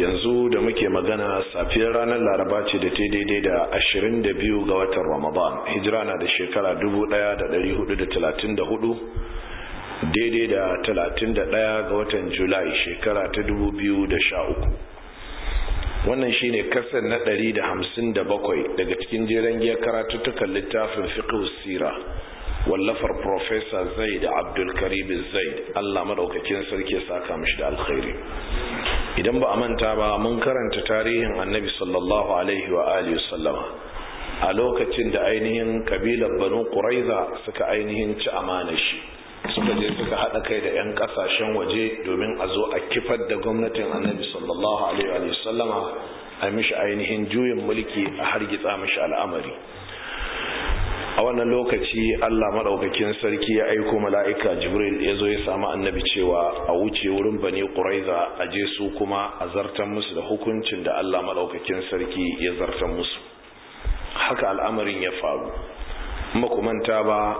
yanzu da muke magana safiyar ranar laraba ce da ta daidai da ashirin da biyu ga watan ramadan hijira na da shekara dubu da da da dari hudu talatin hudu daidai da talatin da daya ga watan julai shekara ta dubu biyu da sha uku. wannan shi ne kasar na da da hamsin bakwai daga cikin jeren giyar karatuttukan littafin fiqh sira wallafar profesa zaid abdulkarim zaid allah maɗaukakin sarki ya saka mashi da alkhairi idan ba a manta ba mun karanta tarihin annabi sallallahu alaihi wa alihi sallama a lokacin da ainihin kabilar banu quraiza suka ainihin ci amana shi suka je suka hada kai da yan kasashen waje domin a zo a kifar da gwamnatin annabi sallallahu alaihi wa sallama a mishi ainihin juyin mulki a hargitsa mishi al'amari a wannan lokaci Allah maɗaukakin sarki ya aiko mala'ika Jibril ya zo ya samu annabi cewa a wuce wurin Bani Kuraiza a je su kuma a zartan musu da hukuncin da Allah maɗaukakin sarki ya zartan musu haka al'amarin ya faru makumanta ba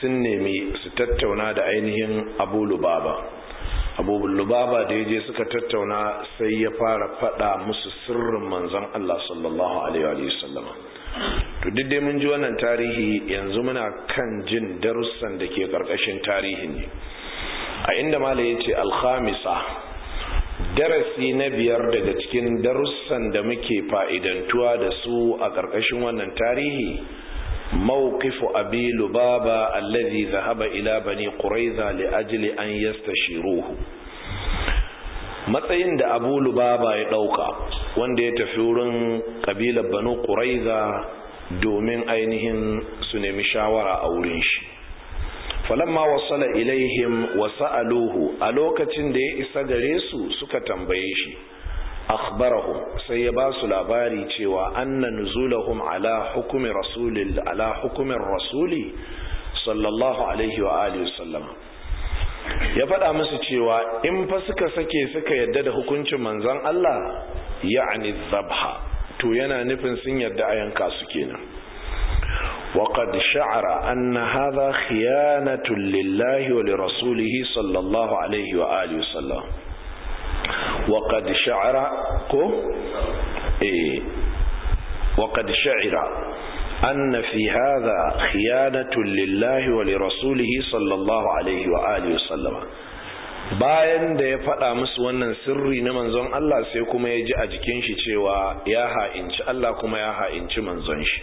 sun nemi su tattauna da ainihin Abu Lubaba Abu Lubaba da yaje suka tattauna sai ya fara faɗa musu sirrin manzon Allah sallallahu alaihi wa sallama to duk dai mun ji wannan tarihi yanzu muna kan jin darussan da ke karkashin tarihin ne a inda mala ya ce alhamisa darasi na biyar daga cikin darussan da muke fa'idantuwa da su a karkashin wannan tarihi mawqifu abi lubaba allazi zahaba ila bani quraiza li ajli an matsayin da abu lubaba ya ɗauka wanda ya tafi wurin ƙabilar banu ƙuraiza domin ainihin su nemi shawara a wurin shi falamma wasala ilaihim wa sa'aluhu a lokacin da ya isa gare su suka tambaye shi akhbarahum sai ya ba su labari cewa anna nuzulahum ala hukumi rasulil ala hukumin rasuli sallallahu alaihi wa alihi wasallam ya faɗa musu cewa in fa suka sake suka yadda da hukuncin manzan Allah ya ani zabha to yana nufin sun yarda a yanka su kenan waƙad sha'ara an na haɗa khiyanatun lillahi wa li sallallahu alaihi wa sallam waƙad sha'ara eh. sha'ira أن في هذا خيانة لله ولرسوله صلى الله عليه وآله وسلم bayan da ya faɗa musu wannan sirri na manzon Allah sai kuma ya ji a jikin shi cewa ya ha'inci Allah kuma ya ha'inci manzon shi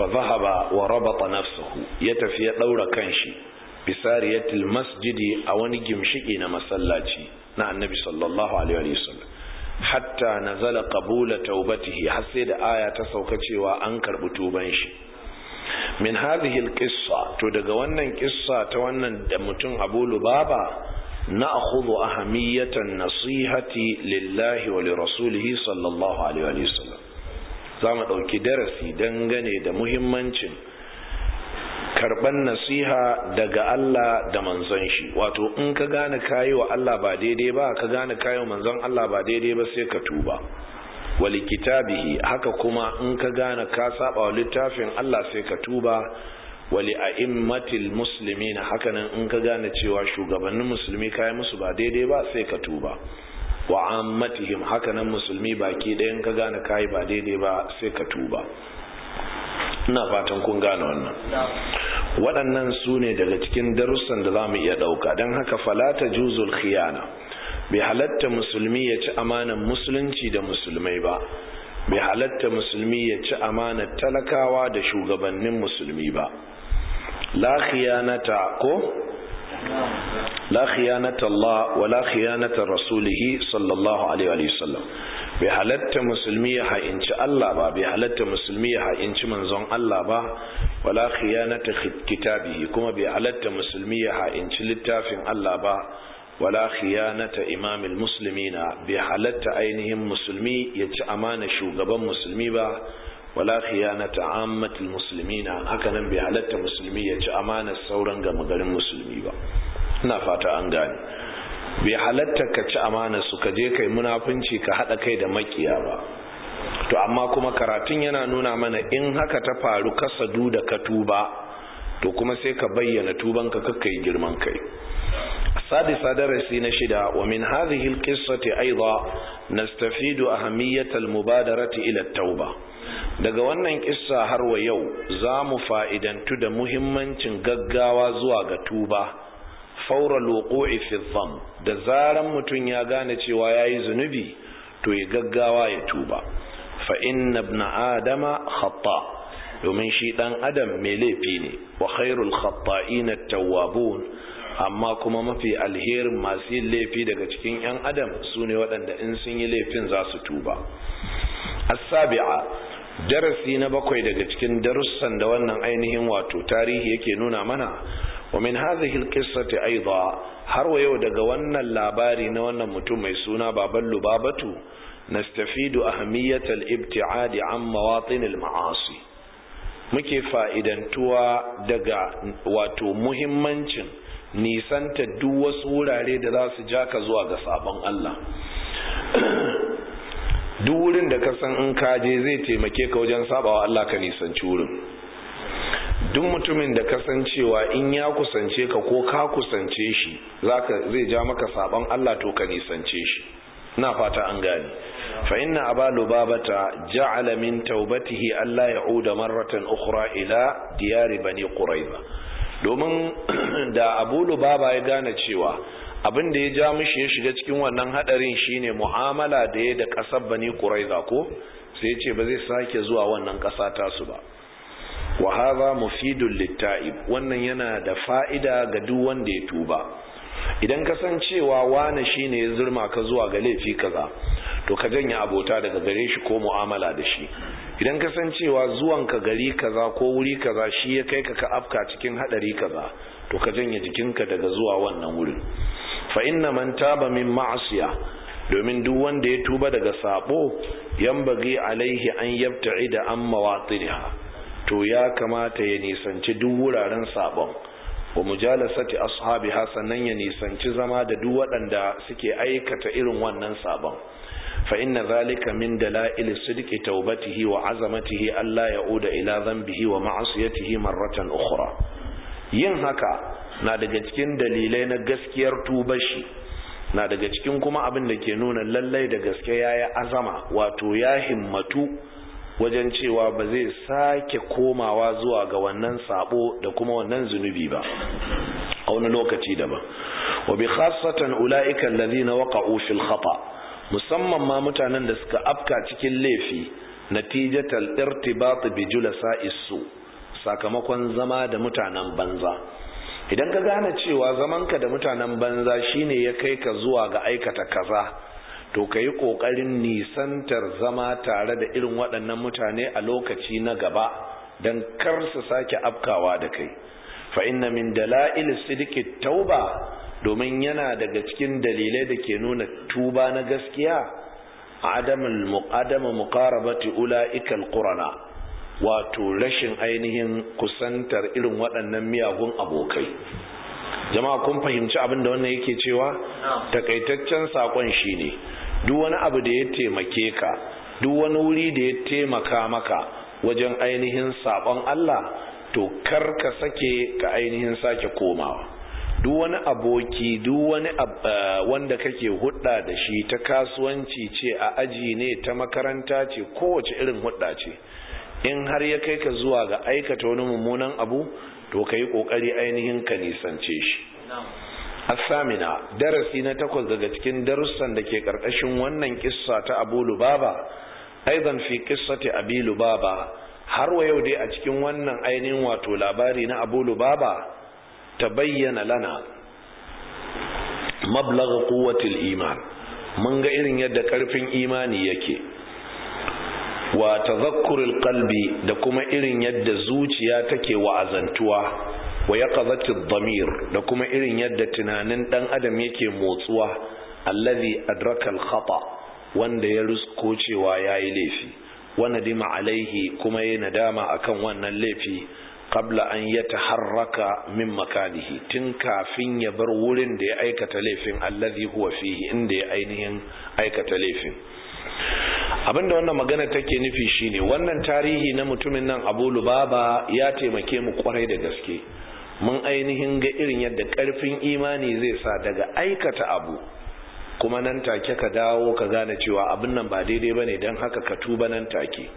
fa zahaba wa rabata nafsuhu ya tafi ya daura kanshi bisariyatil masjidi a wani gimshiki na masallaci na annabi sallallahu alaihi wa sallam hatta nazala qabula taubatihi har sai da aya ta sauka cewa an karbi tuban shi min hadhihi alqissa to daga wannan kissa ta wannan da mutum Abu Lubaba na'khudhu ahamiyatan nasihati lillahi wa lirasulihi sallallahu alaihi wa sallam zamu dauki darasi dangane da muhimmancin karban nasiha daga Allah da manzon shi wato in ka gane kayi wa Allah ba daidai ba ka gane kayi wa manzon Allah ba daidai ba sai ka tuba wali kitabihi haka kuma in ka gane ka saba wa littafin Allah sai ka tuba wali a'immatil muslimin hakanan in ka gane cewa shugabannin musulmi kayi musu ba daidai ba sai ka tuba wa ammatihim hakanan musulmi baki in ka gane kayi ba daidai ba sai ka tuba ina fatan kun gane wannan waɗannan su ne daga cikin darussan da za mu iya ɗauka don haka falata juzul khiyana bai halatta musulmi ya ci amanar musulunci da musulmai ba bai halatta musulmi ya ci amanar talakawa da shugabannin musulmi ba la khiyanata ko la khiyanata Allah wa la khiyanata rasulihi sallallahu alaihi wa sallam bai halatta musulmi ya ha'inci Allah ba bai halatta musulmi ya ha'inci manzon Allah ba wala khiyanata kitabi kuma bai halatta musulmi ya ha'inci littafin Allah ba wala khiyanata imamil muslimina bai halatta ainihin musulmi ya ci amana shugaban musulmi ba wala khiyanata ammatil muslimina haka nan bai halatta musulmi ya ci amana sauran gama garin musulmi ba ina fata an gane bai halatta ka ci amana su ka je kai munafunci ka haɗa kai da makiya ba to amma kuma karatun yana nuna mana in haka ta faru ka sadu da ka tuba to kuma sai ka bayyana tuban ka yi girman kai na shida wa min hadhihi alqissati أيضا nastafidu ahamiyyat almubadarati ila tauba daga wannan kissa har wa yau za mu fa'idantu da muhimmancin gaggawa zuwa ga tuba faura loko'i fizzam da zaran mutum ya gane cewa ya yi zunubi to ya gaggawa ya tuba in na bna adama hatta domin shi ɗan adam mai laifi ne wa khairul hatta'i na amma kuma mafi alherin masu yin laifi daga cikin 'yan adam su ne waɗanda in sun yi laifin za su tuba asabi'a darasi na bakwai daga cikin darussan da wannan ainihin wato tarihi yake nuna mana wa min hadhihi alqissati aidan har wa yau daga wannan labari na wannan mutum mai suna baban lubabatu nastafidu ahamiyat al-ibti'ad an mawatin al-ma'asi muke fa'idantuwa daga wato muhimmancin nisanta duk wasu wurare da za su ja ka zuwa ga sabon Allah duk wurin da ka san in ka je zai taimake ka wajen sabawa Allah ka nisanci wurin duk mutumin da kasancewa in ya kusance ka ko ka kusance shi zai ja maka saban Allah to ka nisance shi na fata an gane fa inna aba lubabata ja'ala min taubatihi Allah ya uda marratan ukhra ila diyari bani quraiza domin da abu lubaba ya gane cewa abin da ya ja mishi ya shiga cikin wannan hadarin shine mu'amala da ya da ƙasar bani quraiza ko sai ya ce ba zai sake zuwa wannan kasa tasu ba wa hadha mufidun litta'ib wannan yana da fa'ida ga duk wanda ya tuba idan ka san cewa wani shine ya zurma ka zuwa ga laifi kaza to ka janye abota daga gare shi ko mu'amala da shi idan ka san cewa zuwanka gari kaza ko wuri kaza shi ya kai ka ka afka cikin hadari kaza to ka janye jikinka daga zuwa wannan wurin fa inna man taba min ma'asiya domin duk wanda ya tuba daga sabo yambagi alaihi an yabta'ida an mawatiliha to ya kamata ya nisanci duk wuraren sabon wa mujalasati ashabi sannan ya nisanci zama da duk waɗanda suke aikata irin wannan sabon fa inna zalika min dalail sidqi tawbatihi wa azamatihi alla ya'uda ila dhanbihi wa ma'asiyatihi marratan ukhra yin haka na daga cikin dalilai na gaskiyar tubashi na daga cikin kuma abin da ke nuna lallai da gaske yayi azama wato ya himmatu wajen cewa ba zai sake komawa zuwa ga wannan sabo da kuma wannan zunubi ba a wani lokaci daban wa bi khassatan ulaika alladhina waqa'u fil khata musamman ma mutanen da suka afka cikin laifi natijatal irtibat bi sa isu, sakamakon zama da mutanen banza idan ka gane cewa zamanka da mutanen banza shine ya kai ka zuwa ga aikata kaza to ka yi ƙoƙarin nisantar zama tare da irin waɗannan mutane a lokaci na gaba don kar su sake afkawa da kai fa inna min dala'il sidiki tauba domin yana daga cikin dalilai da ke nuna tuba na gaskiya adamul muqaddama muqarabati ula'ikal qurana wato rashin ainihin kusantar irin waɗannan miyagun abokai jama'a kun fahimci abin da wannan yake cewa takaitaccen sakon shine duk wani abu da ya taimake ka duk wani wuri da ya taimaka maka wajen ainihin sabon Allah to kar ka sake ka ainihin sake komawa duk wani aboki duk wani eh, wanda kake hudda da shi ta kasuwanci ce a aji ne ta makaranta ce kowace irin hudda ce in har ya kai ka zuwa ga aikata wani mummunan abu to ka yi kokari ainihin ka nisance shi asamina darasi na takwas daga cikin darussan da ke karkashin wannan kissa ta abu lubaba aizan fi ta abi lubaba har wa yau dai a cikin wannan ainihin wato labari na abu lubaba ta bayyana lana mablaga kuwatil iman mun ga irin yadda karfin imani yake wa tazakkurul qalbi da kuma irin yadda zuciya take wa'azantuwa wa ya kazati damir da kuma irin yadda tunanin dan adam yake motsuwa allazi adraka al wanda ya rusko cewa yayi laifi wa nadima alaihi kuma yayi nadama akan wannan laifi kabla an yataharraka min makanihi tun kafin ya bar wurin da ya aikata laifin allazi huwa fihi inda ya ainihin aikata laifin abinda wannan magana take nufi shine wannan tarihi na mutumin nan abu lubaba ya taimake mu kwarai da gaske mun ainihin ga irin yadda ƙarfin imani zai sa daga aikata abu kuma nan take ka dawo ka gane cewa abin nan ba daidai ba ne don haka ka tuba nan take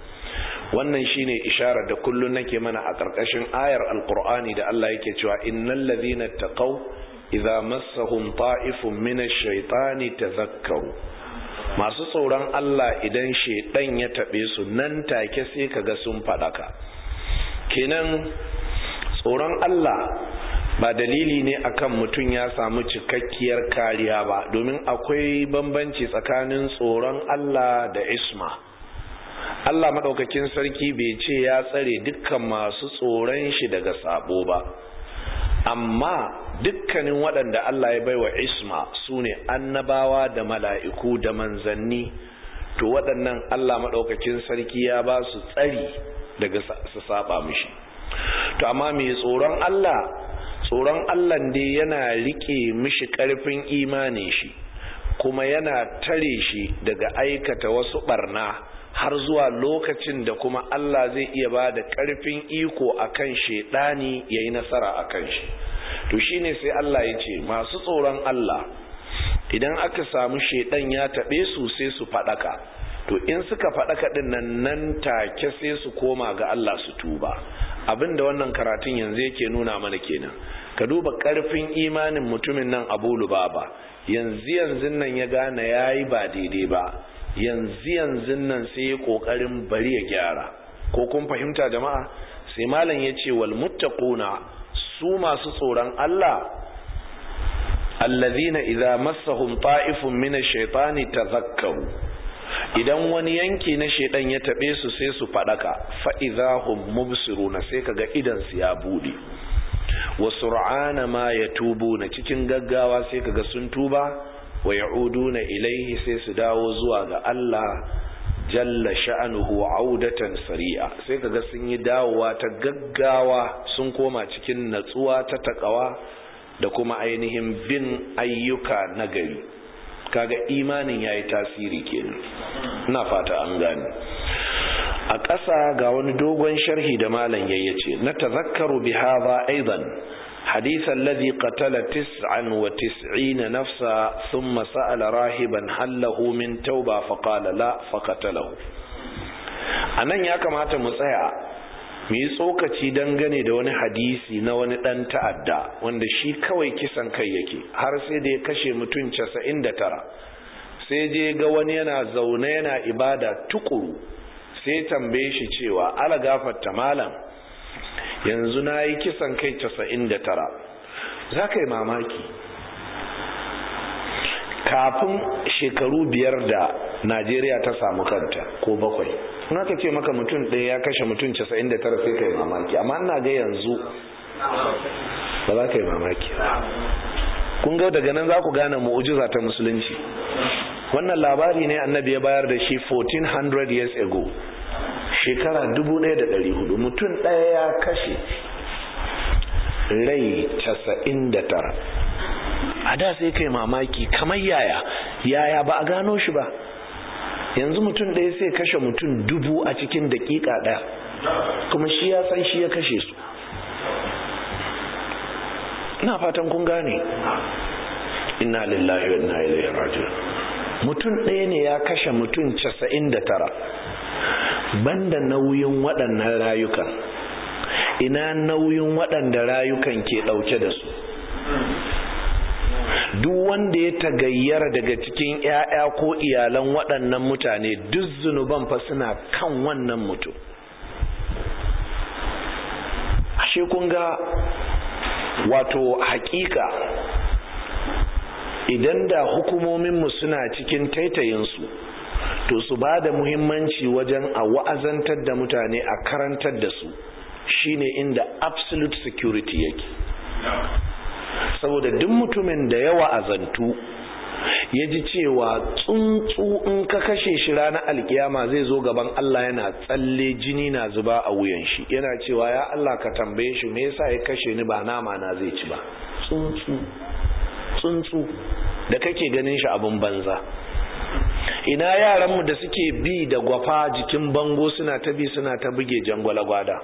wannan shine isharar da kullum nake mana a ƙarƙashin ayar alkur'ani da Allah yake cewa innal ladhina taqaw idza massahum ta'ifun minash shaitani tazakkaru masu tsoron Allah idan shaidan ya taɓe su nan take sai ka ga sun faɗaka kenan tsoron Allah ba dalili ne akan mutum ya samu cikakkiyar kariya ba domin akwai bambanci tsakanin tsoron Allah da isma Allah maɗaukakin sarki bai ce ya tsare dukkan masu tsoron shi daga sabo ba amma dukkanin waɗanda Allah ya baiwa isma su ne annabawa da mala'iku da manzanni to waɗannan Allah maɗaukakin sarki ya ba su tsari daga su saba mishi to amma mai tsoron Allah tsoron Allah ne yana rike mishi karfin imanin shi kuma yana tare shi daga aikata wasu barna har zuwa lokacin da kuma Allah zai iya ba da karfin iko a akan ya yi nasara akan shi to shi ne sai Allah ya ce masu tsoron Allah idan aka samu shaidan ya taɓe su sai su faɗaka to in suka faɗaka ɗin nan nan take sai su koma ga Allah su tuba Abin da wannan karatun yanzu yake nuna mana kenan ka duba karfin imanin mutumin nan abu lubaba yanzu yanzu nan ya gane ya yi ba daidai ba yanzu yanzu nan sai ya kokarin bari ya gyara ko kun fahimta jama'a sai malam ya ce wal muttaquna su masu tsoron Allah allazina idza massahum ta'ifun min ash-shaytani tazakkaru idan wani yanki na shedan ya taɓe su sai su faɗaka fa'izahun na sai kaga su ya buɗe wa sur'ana ma ya tubu na cikin gaggawa sai kaga sun tuba wa na ilaihi sai su dawo zuwa ga Allah jalla sha'anuhu audatan sari'a sai kaga sun yi dawowa ta gaggawa sun koma cikin natsuwa ta takawa da kuma ainihin bin ayyuka na gari kaga imanin yayi tasiri kenan ina fata an gane a ƙasa ga wani dogon sharhi da malam yayi yace na tazakkaru bi hadha aidan حديث الذي قتل تسعا وتسعين نفسا ثم سأل راهبا هل له من توبة فقال لا فقتله anan ya kamata mu tsaya mu yi tsokaci dangane da wani hadisi na wani ɗan ta'adda wanda shi kawai kisan kai yake har sai da ya kashe mutum casa'in da tara sai je ga wani yana zaune yana ibada tukuru sai tambaye shi cewa ala gafarta malam yanzu na yi kisan kai casa'in da tara za ka yi mamaki kafin shekaru biyar da najeriya ta samu kanta ko bakwai in aka ce maka mutum ɗaya ya kashe mutum 99 sai ka yi mamaki amma ina ga yanzu ba za ka yi mamaki kun ga daga nan za ku gane mu'ujiza ta musulunci wannan labari ne annabi ya bayar da shi 1400 years ago shekara 1400 mutum ɗaya ya kashe rai 99 a da sai kai mamaki kamar yaya yaya ba a gano shi ba yanzu mutum ɗaya sai kashe mutum dubu a cikin daƙiƙa ɗaya kuma shi ya san shi ya kashe su ina fatan kun gane inna lillahi wa inna ilaihi raji'un mutum ɗaya ne ya kashe mutum casa'in da tara banda nauyin waɗannan rayukan ina nauyin waɗanda rayukan ke ɗauke da su duk wanda ya tagayyara daga cikin ‘ya'ya ko iyalan waɗannan mutane duk zunuban fa suna kan wannan mutum ashe kun ga wato haƙiƙa, idan da hukumominmu suna cikin taitayinsu to su ba da muhimmanci wajen a wa'azantar da mutane a karantar da su shine inda absolute security yake saboda duk mutumin da yawa a zantu, ya ji cewa tsuntsu in ka kashe shi ranar alkiyama zai zo gaban Allah yana tsalle jini na zuba a wuyan shi yana cewa ya Allah ka tambaye shi me yasa ya kashe ni ba nama na zai ci ba tsuntsu tsuntsu da kake ganin shi abin banza ina yaranmu da suke bi da gwafa jikin bango suna ta bi suna ta buge jangwala gwada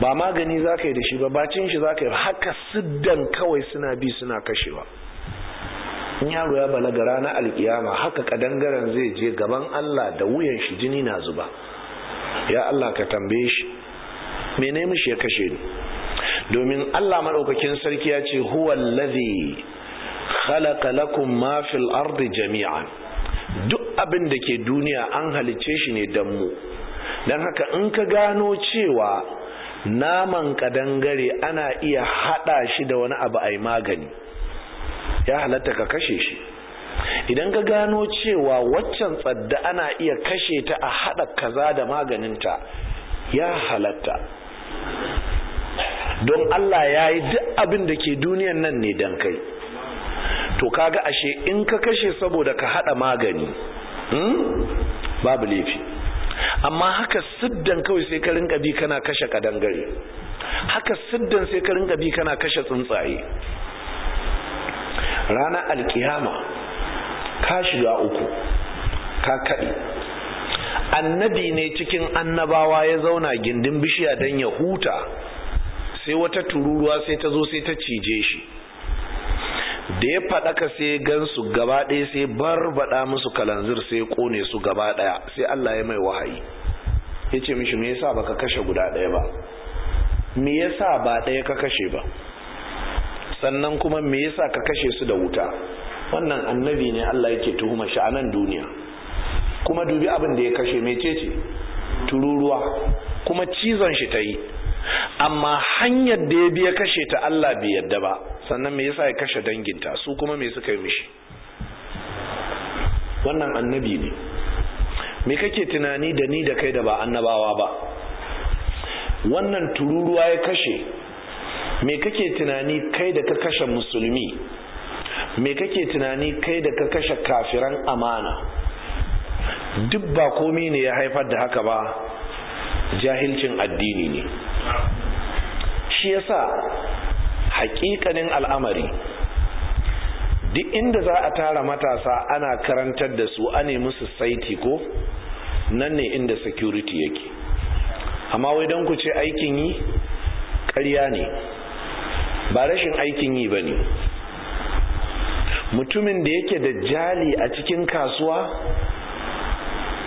ba magani za ka yi da shi ba bacin shi za ka yi haka siddan kawai suna bi suna kashewa in yaro ya balaga ranar alkiyama haka kadangaren zai je gaban Allah da wuyan shi jini na zuba ya Allah ka tambaye shi mene mishi ya kashe ni domin Allah maɗaukakin sarki ya ce huwa allazi khalaqa lakum ma fil ardi jami'an duk abin da ke duniya an halicce shi ne dan mu dan haka in ka gano cewa naman kadangare ana iya hada shi da wani abu ai magani ya halatta ka kashe shi idan ka gano cewa waccan tsadda ana iya kashe ta a hada kaza da maganinta ya halatta don Allah ya yi duk abin da ke duniyan nan ne don kai to kaga ashe in ka kashe saboda ka hada magani hmm? babu laifi amma haka siddan kawai sai ka rinka bi kana kashe kadangare haka siddan sai ka rinka bi kana kashe tsuntsaye Rana alkiyama ka shiga uku ka kadi annabi ne cikin annabawa ya zauna gindin bishiya don ya huta sai wata tururuwa sai ta zo sai ta cije shi da ya faɗaka sai gansu gaba ɗaya sai barbaɗa musu kalanzir sai kone su gaba ɗaya sai Allah ya mai wahayi ya ce mishi me yasa baka kashe guda ɗaya ba me yasa ba ɗaya ka kashe ba sannan kuma me yasa ka kashe su da wuta wannan annabi ne Allah yake tuhuma shi a nan duniya kuma dubi abin da ya kashe mecece tururuwa kuma cizon shi ta yi amma hanyar da ya biya kashe ta Allah bai yadda ba sannan me yasa ya kashe danginta su kuma me suka yi mishi wannan annabi ne me kake tunani da ni da kai da ba annabawa ba wannan tururuwa ya kashe me kake tunani kai da ka kashe musulmi me kake tunani kai da ka kashe kafiran amana duk ba komai ne ya haifar da haka ba jahilcin addini ne shi yasa haƙiƙanin al'amari duk inda za a tara matasa ana karantar da su ane musu saiti ko nan ne inda security yake amma wai don ku ce aikin yi ƙarya ne ba rashin aikin yi ba ne mutumin da yake da jali a cikin kasuwa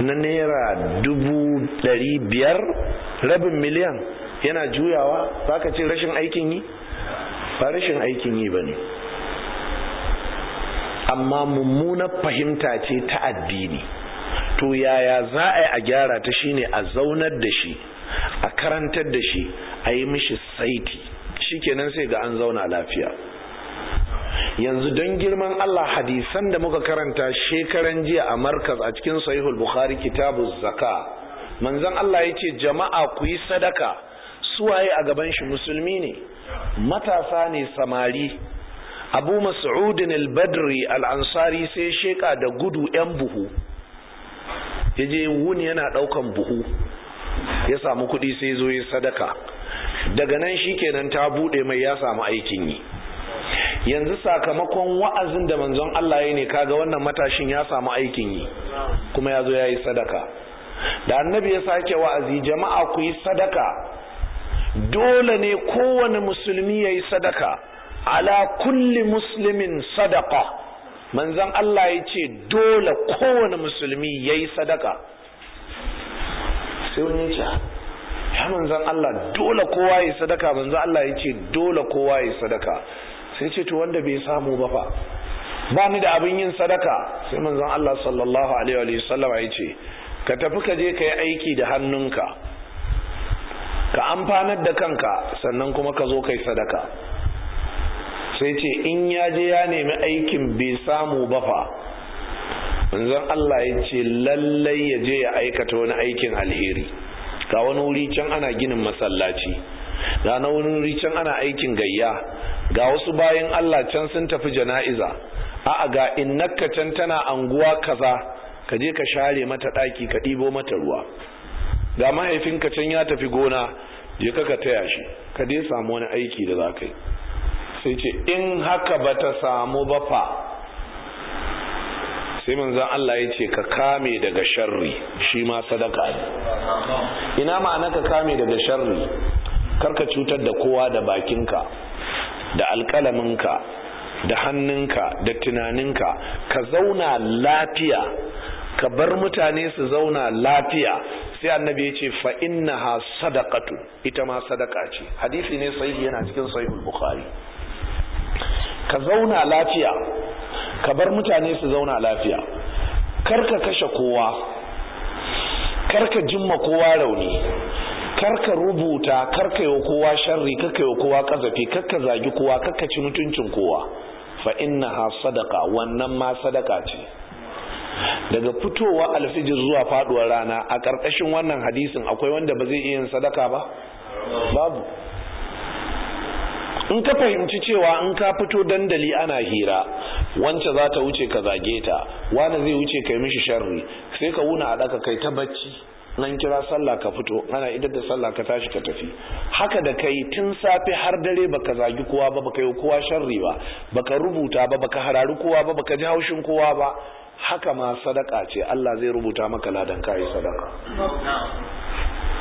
na naira dubu ɗari biyar rabin miliyan yana juyawa za ka ce rashin aikin yi ba rashin aikin yi ba ne amma mummunar fahimta ce ta addini to yaya za a yi a gyara ta shine a zaunar da shi a karantar da shi a yi mishi saiti shikenan sai ga an zauna lafiya yanzu don girman Allah hadisan da muka karanta shekaran jiya a Markas a cikin sahihul bukhari kitabu zaka manzon Allah ya ce jama'a ku yi sadaka suwaye a gaban shi musulmi ne matasa ne samari abu masu'udin al-badri al-ansari sai sheka da gudu yan buhu ya je wuni yana ɗaukan buhu ya samu kudi sai zo ya sadaka daga nan shi shikenan ta bude mai ya samu aikin yi yanzu sakamakon wa'azin da manzon Allah ya ne kaga wannan matashin ya samu aikin yi kuma ya zo ya yi sadaka da annabi ya sake wa'azi jama'a ku yi sadaka dole ne kowane musulmi ya yi sadaka ala kulli muslimin sadaka manzan Allah ya ce dole kowane musulmi ya yi sadaka sai wani ya ya manzan Allah dole kowa ya yi sadaka manzan Allah ya ce dole kowa ya yi sadaka sai ce to wanda bai samu ba fa ba ni da abin yin sadaka sai manzan Allah sallallahu alaihi wa sallam ya ce ka tafi ka je ka yi aiki da hannunka ka amfanar da kanka sannan kuma ka zo kai sadaka sai ce in ya je ya nemi aikin bai samu ba fa manzon Allah ya ce lallai ya je ya aikata wani aikin alheri ga wani wuri can ana ginin masallaci ga na wani wuri can ana aikin gayya ga wasu bayan Allah can sun tafi jana'iza a'a ga innaka can tana anguwa kaza ka je ka share mata ɗaki ka ɗibo mata ruwa ga mahaifinka can ya tafi gona ya ka taya shi ka dai samu wani aiki da za ka yi sai ce in haka ba ta samu ba fa sai manzan Allah ya ce ka kame daga sharri shi ma sadaka ne ina ma'ana ka kame daga sharri karka cutar da kowa da bakinka da alkalaminka da hannunka da tunaninka ka zauna lafiya ka bar mutane su zauna lafiya sai annabi ya ce fa ha sadakatu ita ma sadaka ce hadisi ne sai yana cikin sahihul bukhari ka zauna lafiya ka bar mutane su zauna lafiya kar ka kashe kowa karka ka jimma kowa rauni karka rubuta kar ka yi kowa sharri karka yi kowa kazafi karka zagi kowa karka ci mutuncin kowa fa ha sadaka wannan ma sadaka ce daga fitowa alfijir zuwa faduwar rana a ƙarƙashin wannan hadisin akwai wanda ba zai iya sadaka ba babu in ka fahimci cewa in ka fito dandali ana hira wance za ta wuce ka zage ta wani zai wuce ka yi mishi sharri sai ka wuna a ɗaka kai ta bacci nan kira sallah ka fito ana idar da sallah ka tashi ka tafi haka da kai tun safe har dare baka zagi kowa ba baka yi kowa sharri ba baka rubuta ba baka harari kowa ba baka ji haushin kowa ba haka ma sadaka ce Allah zai rubuta maka ladan kayi sadaka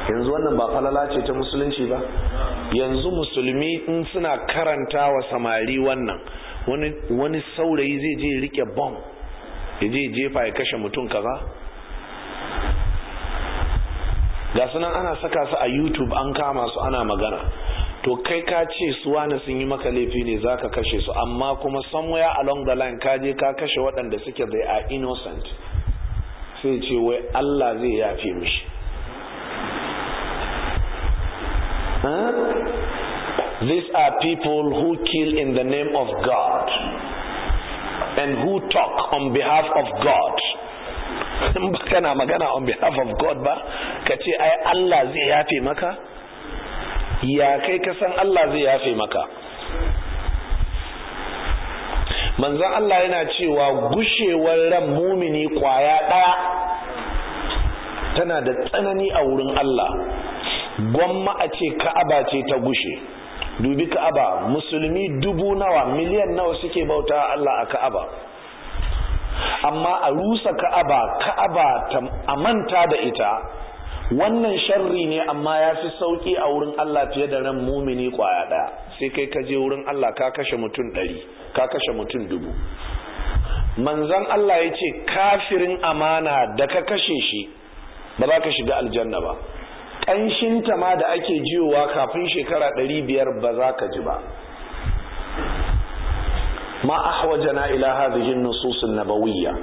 yanzu wannan ba falala ce ta musulunci ba yanzu musulmi in suna karanta wa samari wannan wani saurayi zai je rike bom ya je jefa ya kashe mutum kaza ga sunan ana saka su a youtube an kama su ana magana to kai ka ce su wani sun yi maka laifi ne za ka kashe su amma kuma somewhere along the line ka je ka kashe waɗanda suke they are innocent sai ce wai Allah zai yafe mishi these are people who kill in the name of God and who talk on behalf of God in ba kana magana on behalf of God ba ka ce ai Allah zai yafe maka ya kai ka san Allah zai yafe maka manzon Allah yana cewa gushewar ran mumini kwaya ɗaya tana da tsanani a wurin Allah gwamma a ce ka'aba ce ta gushe dubi ka'aba musulmi dubu nawa miliyan nawa suke bauta Allah a ka'aba amma a rusa ka'aba ka'aba a manta da ita wannan sharri ne amma ya fi sauki a wurin Allah fiye da ran mumini kwaya ɗaya sai kai ka je wurin Allah ka kashe mutum ɗari ka kashe mutum dubu manzan Allah ya ce kafirin amana da ka kashe shi ba za ka shiga aljanna ba ƙanshin ma da ake jiyowa kafin shekara ɗari biyar ba za ka ji ba ma ahwajana ila hadhihi nususun nabawiyya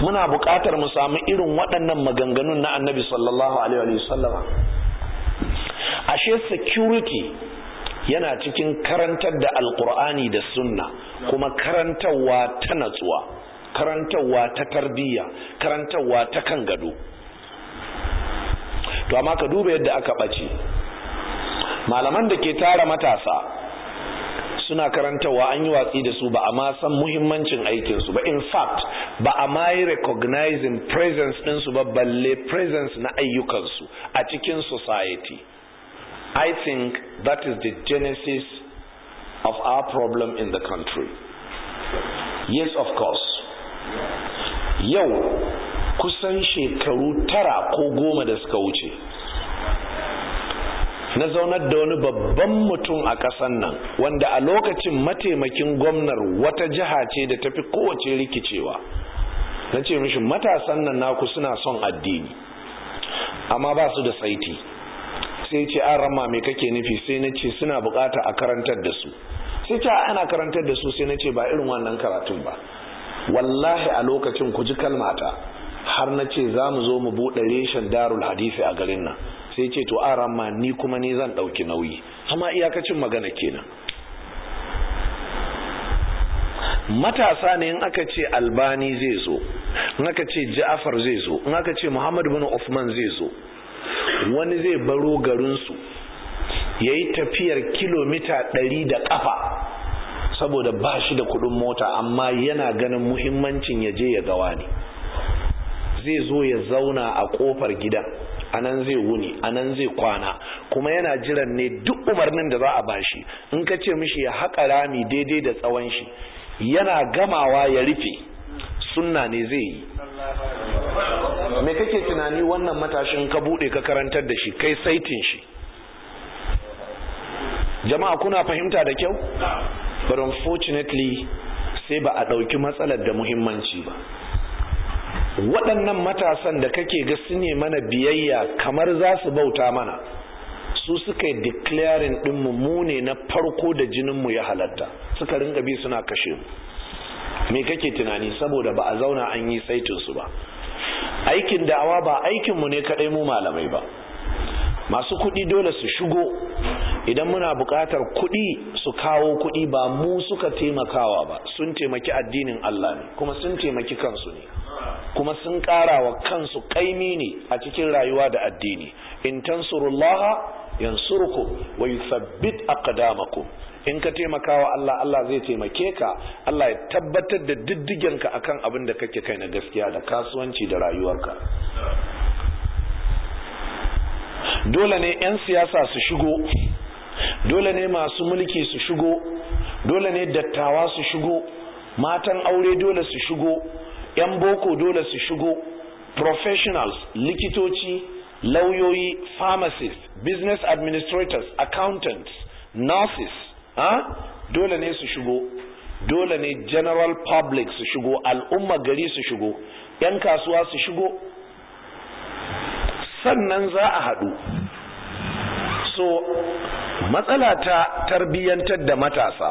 muna buƙatar mu samu irin waɗannan maganganun na annabi sallallahu alaihi wasallama ashe security yana cikin karantar da alkur'ani da sunna kuma karantarwa ta natsuwa karantarwa ta tarbiyya karantarwa ta kan gado to amma ka duba yadda aka ɓace malaman da ke tara matasa suna karantarwa an yi watsi da su ba a ma san muhimmancin aikinsu ba in fact ba a ma yi recognizing presence ɗinsu ba balle presence na ayyukansu a cikin society i think that is the genesis of our problem in the country yes of course yau kusan shekaru tara ko goma da suka wuce na zaunar da wani babban mutum a ƙasan nan wanda a lokacin mataimakin gwamnar wata jiha ce da tafi kowace rikicewa na ce mishi matasan nan naku suna son addini amma ba su da saiti sai ce an ah, rama mai kake nufi sai na ce suna bukata a karantar da su sai ce ah, ana karantar da su sai na ce ba irin wannan karatun ba wallahi a lokacin ku ji kalmata har na ce za mu zo mu buɗe reshen darul hadisi a garin nan sai ce to aran ni kuma ni zan ɗauki nauyi amma iyakacin magana kenan matasa ne in aka ce albani zai zo in aka ce ja'afar zai zo in aka ce muhammad bin Uthman zai zo wani zai baro garinsu ya yi tafiyar kilomita ɗari da ƙafa saboda ba shi da kuɗin mota amma yana ganin muhimmancin ya je ya gawa ne zai zo ya zauna a ƙofar gidan a nan zai wuni a nan zai kwana kuma yana jiran ne duk umarnin da za a bashi in ka ce mishi ya haƙa rami daidai da tsawon shi yana gamawa ya rufe sunna ne zai yi me kake tunani wannan matashin ka buɗe ka karantar da shi kai saitin shi jama'a kuna fahimta da kyau but unfortunately sai ba a ɗauki matsalar da muhimmanci ba waɗannan matasan da kake ga su ne mana biyayya kamar za su bauta mana su suka yi ɗinmu mu ne na farko da jininmu ya halatta suka ringa bi suna kashe mu me kake tunani saboda ba a zauna an yi saitinsu ba aikin da'awa ba aikinmu ne kaɗai mu malamai ba masu kuɗi dole su shigo idan muna buƙatar kuɗi su kawo kuɗi ba mu suka taimakawa ba sun taimaki addinin Allah ne kuma sun taimaki kansu ne kuma sun ƙara wa kansu ƙaimi ne a cikin rayuwa da addini in tansurullah yansurku wa yuthabbit aqdamakum in ka taimakawa Allah Allah zai taimake ka Allah ya tabbatar da diddigen diddigenka akan abin da kake kai na gaskiya da kasuwanci da rayuwarka dole ne 'yan siyasa su shigo dole ne masu mulki su shigo dole ne dattawa su shigo matan aure dole su shigo 'yan boko dole su shigo professionals likitoci lauyoyi pharmacists business administrators accountants nurses ha? dole ne su shigo dole ne general public su shigo al'umma gari su shigo 'yan kasuwa su shigo sannan za a haɗu so matsala ta a da matasa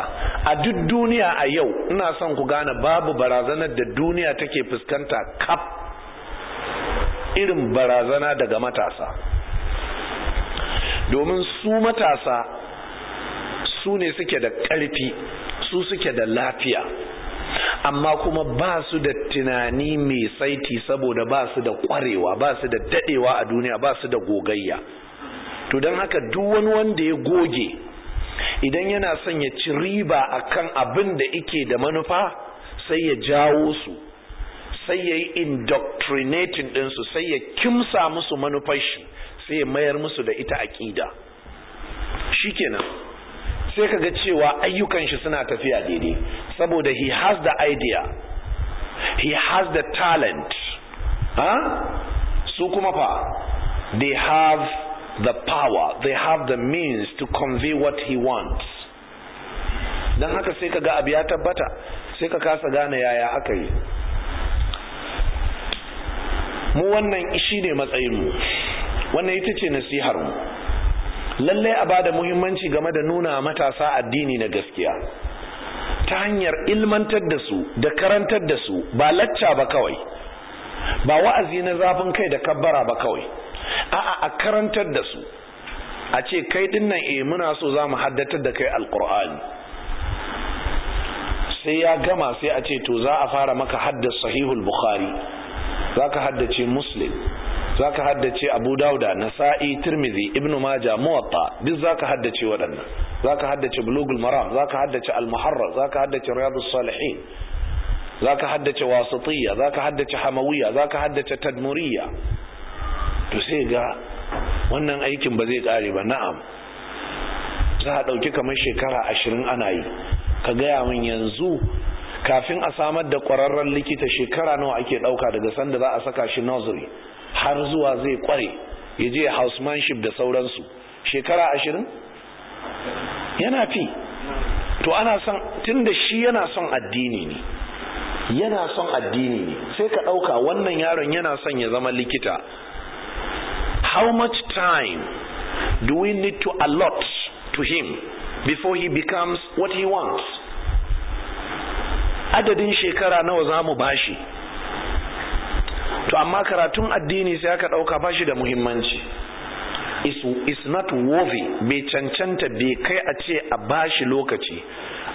a duk duniya a yau ina son ku gane babu barazanar da duniya take fuskanta kaf irin barazana daga matasa domin su matasa su ne suke da ƙarfi su suke da lafiya amma kuma ba su da tunani mai saiti saboda ba su da ƙwarewa ba su da daɗewa a duniya ba su da gogayya to don haka duk wani wanda ya goge idan yana son ya ci riba a kan abin da ike da manufa sai ya jawo su sai ya yi indoctrinating ɗinsu sai ya kimsa musu manufar shi sai ya mayar musu da ita aƙida shikenan sai ka ga cewa ayyukan shi suna tafiya daidai saboda he has the idea he has the talent ha? Ah? su kuma fa they have the power they have the means to convey what he wants don haka sai ka ga abu ya tabbata sai ka kasa gane yaya aka yi mu wannan ishi ne matsayinmu wannan ita ce nasiharmu lallai a ba da muhimmanci game da nuna matasa addini na gaskiya ta hanyar ilmantar da su da karantar da su ba lacca ba kawai ba wa'azi na zafin kai da kabbara ba kawai a'a a karantar da su a ce kai dinnan eh muna so za mu haddatar da kai alkur'ani sai ya gama sai a ce to za a fara maka haddace sahihul bukhari za ka haddace muslim za ka haddace abu dauda nasa'i tirmidhi ibn maja muwatta duk za ka haddace waɗannan za ka haddace bulugul maram za ka haddace al za ka haddace riyadus salihin za ka haddace wasatiyya za ka haddace hamawiyya za ka haddace tadmuriyya to sai ga wannan aikin ba zai kare ba na'am za a ɗauki kamar shekara ashirin ana yi ka gaya min yanzu kafin a samar da ƙwararren likita shekara nawa ake ɗauka daga sanda za a saka shi nursery har zuwa zai ƙware ya je housemanship da sauransu shekara ashirin yana fi to ana son tun da shi yana son addini ne yana son addini ne sai ka ɗauka wannan yaron yana son ya zama likita how much time do we need to allot to him before he becomes what he wants adadin shekara nawa za mu bashi to amma karatun addini sai aka ɗauka bashi da muhimmanci is not worthy bai cancanta bai kai a ce a bashi lokaci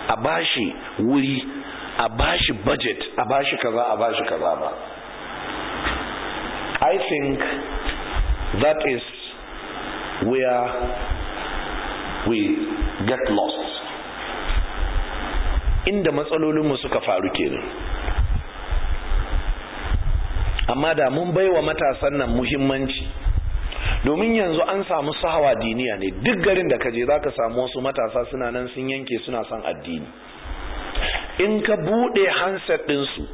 a bashi wuri a bashi budget a bashi kaza a bashi kaza ba i think That is where we get lost. Inda matsalolinmu suka faru kenan. Amma da mun baiwa matasan nan muhimmanci. domin yanzu an samu sahawa diniya ne duk garin da kaje za ka samu wasu matasa suna nan sun yanke suna son addini in ka buɗe handset ɗinsu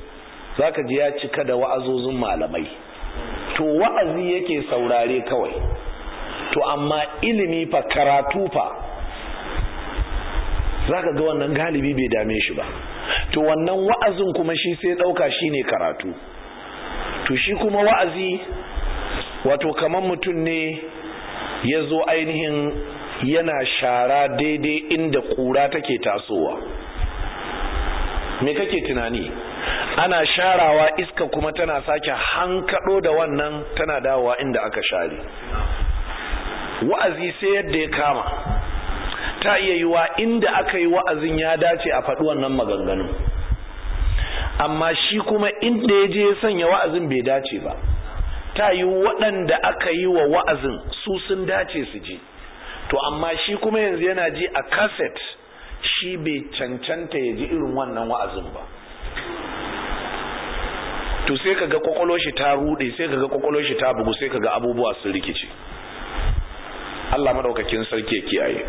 za ka ji ya cika da wa'azozin malamai to wa'azi yake saurare kawai to amma ilimi fa karatu fa zaka ga wannan galibi bai dame shi ba to wannan wa'azin kuma shi sai dauka shine karatu to shi kuma wa'azi wato kamar mutum ne ya zo ainihin yana shara daidai inda kura take tasowa me kake tunani ana sharawa iska kuma tana sake hankado da wannan tana dawowa inda aka share wa'azi sai yadda ya kama ta iya yiwa inda aka yi wa'azin ya dace a faɗi wannan maganganun amma shi kuma inda ya je ya sanya wa'azin bai dace ba ta yi waɗanda aka yi wa wa'azin su sun dace su ji to amma shi kuma yanzu yana ji a kaset shi bai cancanta ya ji irin wannan wa'azin ba to sai kaga ga kwakwaloshi ta rude sai kaga ga kwakwaloshi ta bugu sai kaga abubuwa sun rikici Allah madaukakin sarki ya kiyaye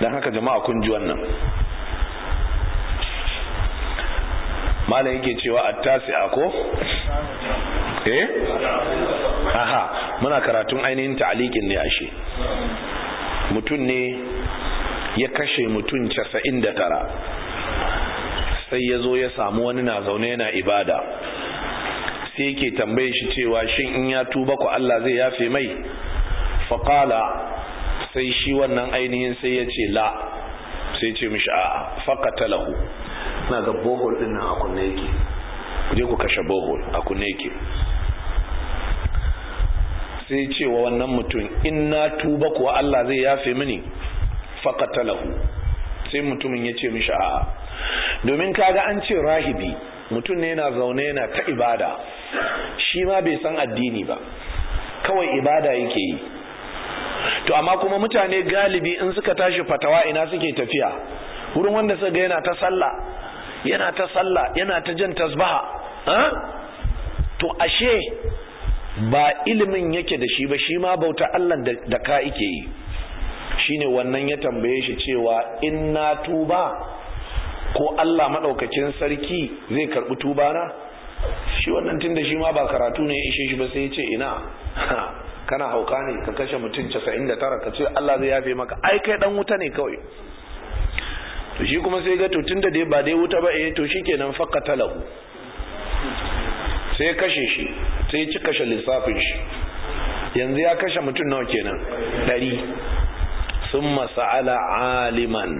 dan haka jama'a kun ji wannan malam yake cewa attasi'a ko eh aha muna karatun ainihin ta'liqin ne ashe mutum ne ya kashe mutum 99 sai ya zo ya samu wani na zaune yana ibada sai ke tambaye shi cewa shin in ya tuba ku Allah zai yafe mai faƙala sai shi wannan ainihin sai ya ce la sai ce mishi a faƙata lahu na ga bohol ɗin nan a kunne yake ku je ku kashe bohol a kunne yake sai ce wa wannan mutum in na tuba ku Allah zai yafe mini faƙata lahu sai mutumin ya ce mishi a domin kaga an ce rahibi mutum ne yana zaune yana ta ibada shi ma bai san addini ba kawai ibada yake yi to amma kuma mutane galibi in suka tashi fatawa ina suke tafiya wurin wanda suka ga yana ta sallah yana ta sallah yana ta jan tasbaha to ashe ba ilimin yake da shi ba shi ma bauta Allah da ka yake yi shine wannan ya tambaye shi cewa in na tuba ko Allah maɗaukacin sarki zai karɓi tubana shi wannan tun da shi ma ba karatu ne ya ishe shi ba sai ya ce ina kana hauka ne ka kashe mutum casa'in da tara ka ce Allah zai yafe maka ai kai dan wuta ne kawai to shi kuma sai ga to tun da dai ba dai wuta ba eh to shikenan fakka talahu sai ya kashe shi sai ya ci kashe lissafin shi yanzu ya kashe mutum nawa kenan Dari. sun sa'ala aliman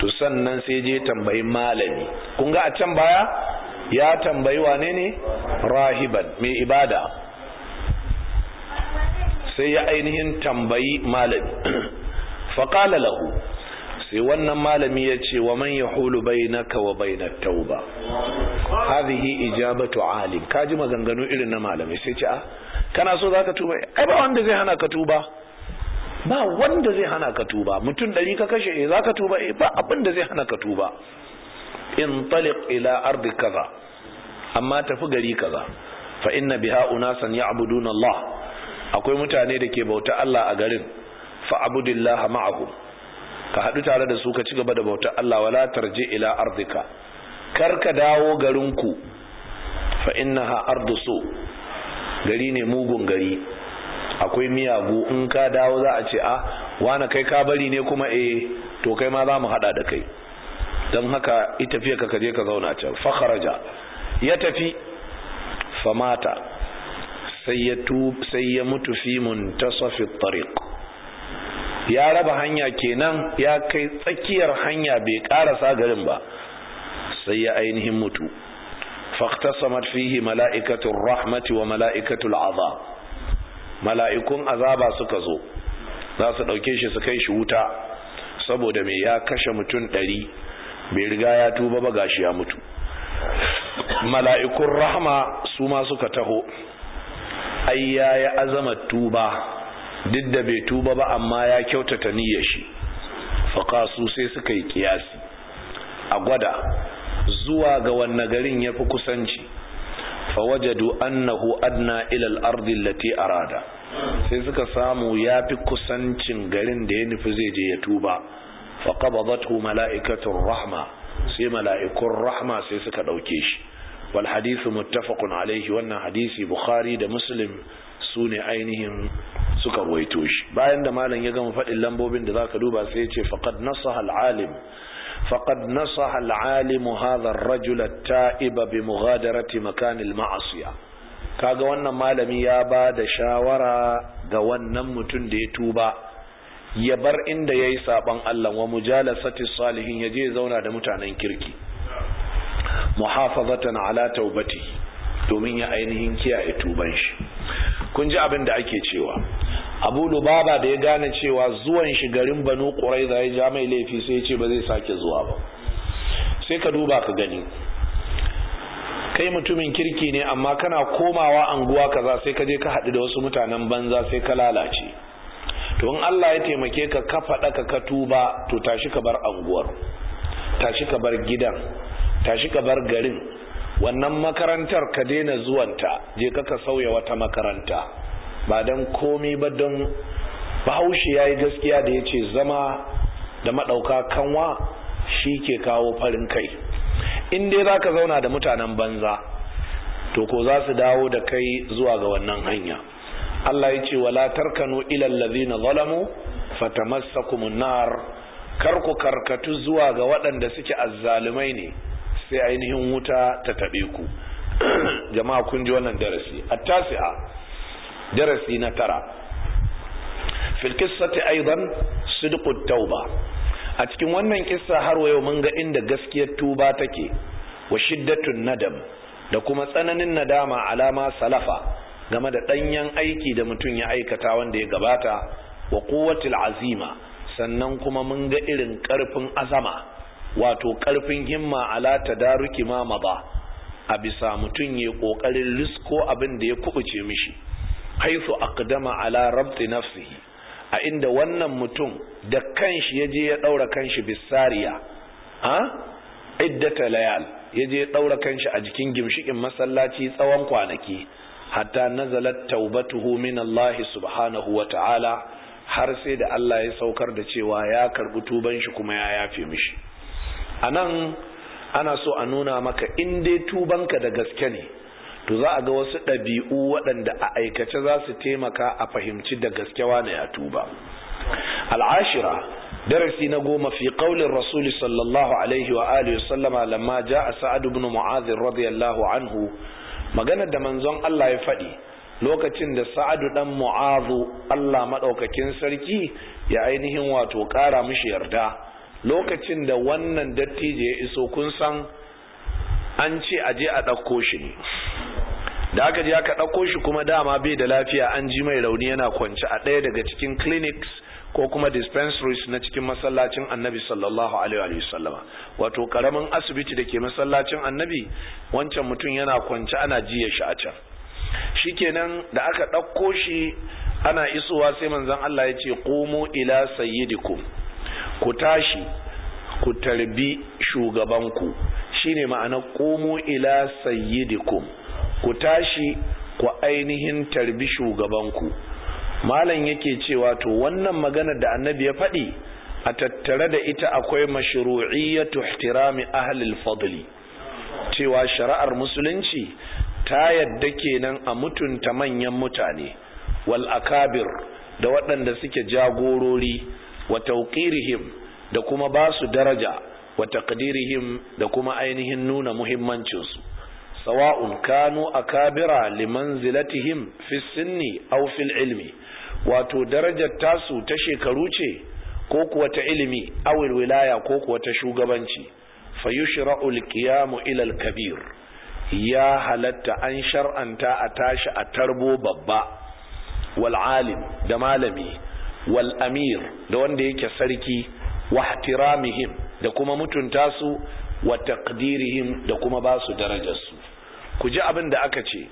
to sannan sai je tambayi malami kun ga a can baya ya tambayi wane ne rahiban mai ibada sai ya ainihin tambayi malami faƙala lahu sai wannan malami ya ce wa man ya na bainaka bai na tauba hadhihi ijabatu alim kaji maganganu irin na malami sai ce a ah, kana so za ka tuba ai ba wanda zai hana ka tuba ba wanda zai hana ka tuba mutum ɗari ka kashe eh za ka tuba eh ba abin da zai hana ka tuba in taliq ila ardi kaza amma tafi gari kaza fa inna biha unasan ya'buduna Allah akwai mutane da ke bauta Allah a garin fa abudillah ma'ahu ka haɗu tare da su ka ci gaba da bautar Allah wala tarji ila ardika kar ka dawo garinku fa innaha ardu su gari ne mugun gari akwai miyagu in ka dawo za a ce a ah, wane kai ka bari ne kuma eh to kai ma za mu hada da kai don haka ita fiye ka kaje ka zauna can fakharaja ya tafi famata sai ya sai ya mutu fi muntasafi tariq ya raba hanya kenan ya kai tsakiyar hanya bai karasa garin ba sai ya ainihin mutu faqtasamat fihi mala'ikatu rahmati wa mala'ikatul al'azab mala'ikun azaba suka zo za su ɗauke shi su kai shi wuta saboda mai ya kashe mutum ɗari bai riga ya tuba ba gashi ya mutu mala'ikun rahama su ma suka taho ai ya yi azama tuba duk da bai tuba ba amma ya kyautata niyyar shi faƙasu sai suka yi kiyasi a gwada zuwa ga wanne garin ya fi kusanci fawajadu annahu adna ila al-ardi allati arada sai suka samu yafi kusancin garin da ya nufi zai je ya tuba fa qabadathu mala'ikatur rahma sai mala'ikun rahma sai suka dauke shi wal hadithu muttafaqun alayhi wannan hadisi bukhari da muslim su ne ainihin suka ruwaito shi bayan da malam ya gama faɗin lambobin da zaka duba sai ya ce faqad nasaha al-alim faqad nasaha al-alim hadha ar-rajul at-ta'iba kaga wannan malami ya ba da shawara ga wannan mutum da ya tuba ya bar inda yayi saban Allah wa mujalasati salihin je zauna da mutanen kirki muhafazatan ala taubati domin ya ainihin kiyaye tuban shi kun ji abin da ake cewa abu lubaba da ya gane cewa zuwan shi garin banu kurai da ya ja mai laifi sai ya ce ba zai sake zuwa ba sai ka duba ka gani kai mutumin kirki ne amma kana komawa anguwa kaza sai ka je ka haɗu da wasu mutanen banza sai ka lalace to in Allah ya taimake ka ka faɗa ka ka tuba to tashi ka bar anguwar tashi ka bar gidan tashi ka bar garin wannan makarantar ka daina zuwanta je ka ka sauya wata makaranta ba don komi ba don bahaushe ya yi gaskiya da ya ce zama da maɗauka kanwa shi ke kawo farin kai in dai za ka zauna da mutanen banza to ko za su dawo da kai zuwa ga wannan hanya Allah ya ce wala tarkanu ilal ladhina zalamu fatamassakumun nar kar ku karkatu zuwa ga waɗanda suke azzalumai ne sai ainihin wuta ta taɓe ku jama'a kun ji wannan darasi attasi'a darasi na tara fil qissati aidan sidqut tauba a cikin wannan kisa har yau mun ga inda gaskiyar tuba take wa shiddatun nadam da kuma tsananin nadama alama salafa game da ɗanyen aiki da mutum ya aikata wanda ya gabata wa quwwatul azima sannan kuma mun ga irin ƙarfin azama wato ƙarfin himma ala tadaruki ma maza a bisa mutum ya kokarin risko abin da ya kubuce mishi haisu aqdama ala rabti nafsihi a inda wannan mutum da kanshi ya je ya daura kanshi bisariya ha iddata layal ya je ya daura kanshi a jikin gimshikin masallaci tsawon kwanaki hatta nazalat taubatuhu min Allah subhanahu wa ta'ala har sai da Allah ya saukar da cewa ya karbi tuban shi kuma ya yafe mishi anan ana so a nuna maka in dai tubanka da gaske ne to za a ga wasu ɗabi'u waɗanda a aikace za su taimaka a fahimci da gaskewa na ya tuba al'ashira darasi na goma fi qaulin rasuli sallallahu alaihi wa alihi wa sallama lamma a sa'ad ibn mu'adh radiyallahu anhu maganar da manzon Allah ya faɗi lokacin da sa'adu dan mu'azu Allah madaukakin sarki ya ainihin wato ƙara mishi yarda lokacin da wannan dattijo ya iso kun san an ce aje a ɗauko shi ne da aka ji aka ɗauko shi kuma dama bai da lafiya an ji mai rauni yana kwance a ɗaya daga cikin clinics ko kuma dispensaries na cikin masallacin annabi sallallahu alaihi wa sallama wato karamin asibiti da ke masallacin annabi wancan mutum yana kwance ana jiya shi a can shikenan da aka ɗauko shi ana isowa sai manzon Allah ya ce qumu ila sayyidikum ku tashi ku tarbi shugabanku shine ma'ana qumu ila sayyidikum ku tashi ku ainihin tarbi shugabanku malam yake cewa to wannan magana da annabi ya faɗi a tattare da ita akwai mashru'iyyatu ihtirami ahlil fadli cewa shari'ar musulunci ta yadda kenan a mutunta manyan mutane wal akabir da waɗanda suke jagorori wa tawqirihim da kuma ba su daraja wa taqdirihim da kuma ainihin nuna muhimmancinsu sawa'un kanu akabira limanzilatihim fi sinni aw fil ilmi wato darajar tasu ta shekaru ce ko kuwa ta ilimi awil wilaya ko kuwa ta shugabanci fayushra'u alqiyamu ilal Kabir. ya halatta an shar'anta a tashi a tarbo babba wal da malami wal amir da wanda yake sarki wa ihtiramihim da kuma mutunta su wa taqdirihim da kuma basu su darajar su ku ji abin da aka ce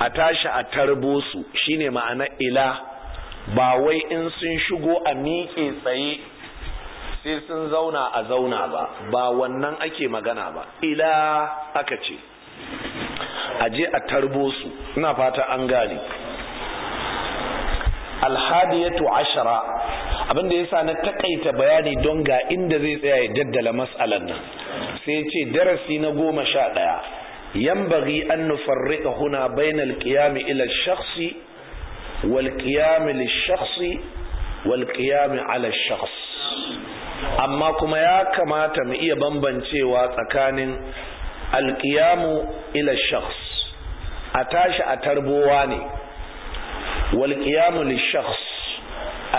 a tashi a tarbo su shine ma'ana ila ba wai in sun shigo a miƙe tsaye sai sun zauna a zauna ba ba wannan ake magana ba ila aka ce a je a tarbo su ina fata an gane alhadiyatu ashara abinda yasa na takaita bayani don ga inda zai tsaya ya daddala mas'alan nan sai ce darasi na goma sha ɗaya ينبغي أن نفرق هنا بين القيام إلى الشخص والقيام للشخص والقيام على الشخص أما كما ياكما تمئي بمبن تيوى تكان القيام إلى الشخص أتاش أتربواني والقيام للشخص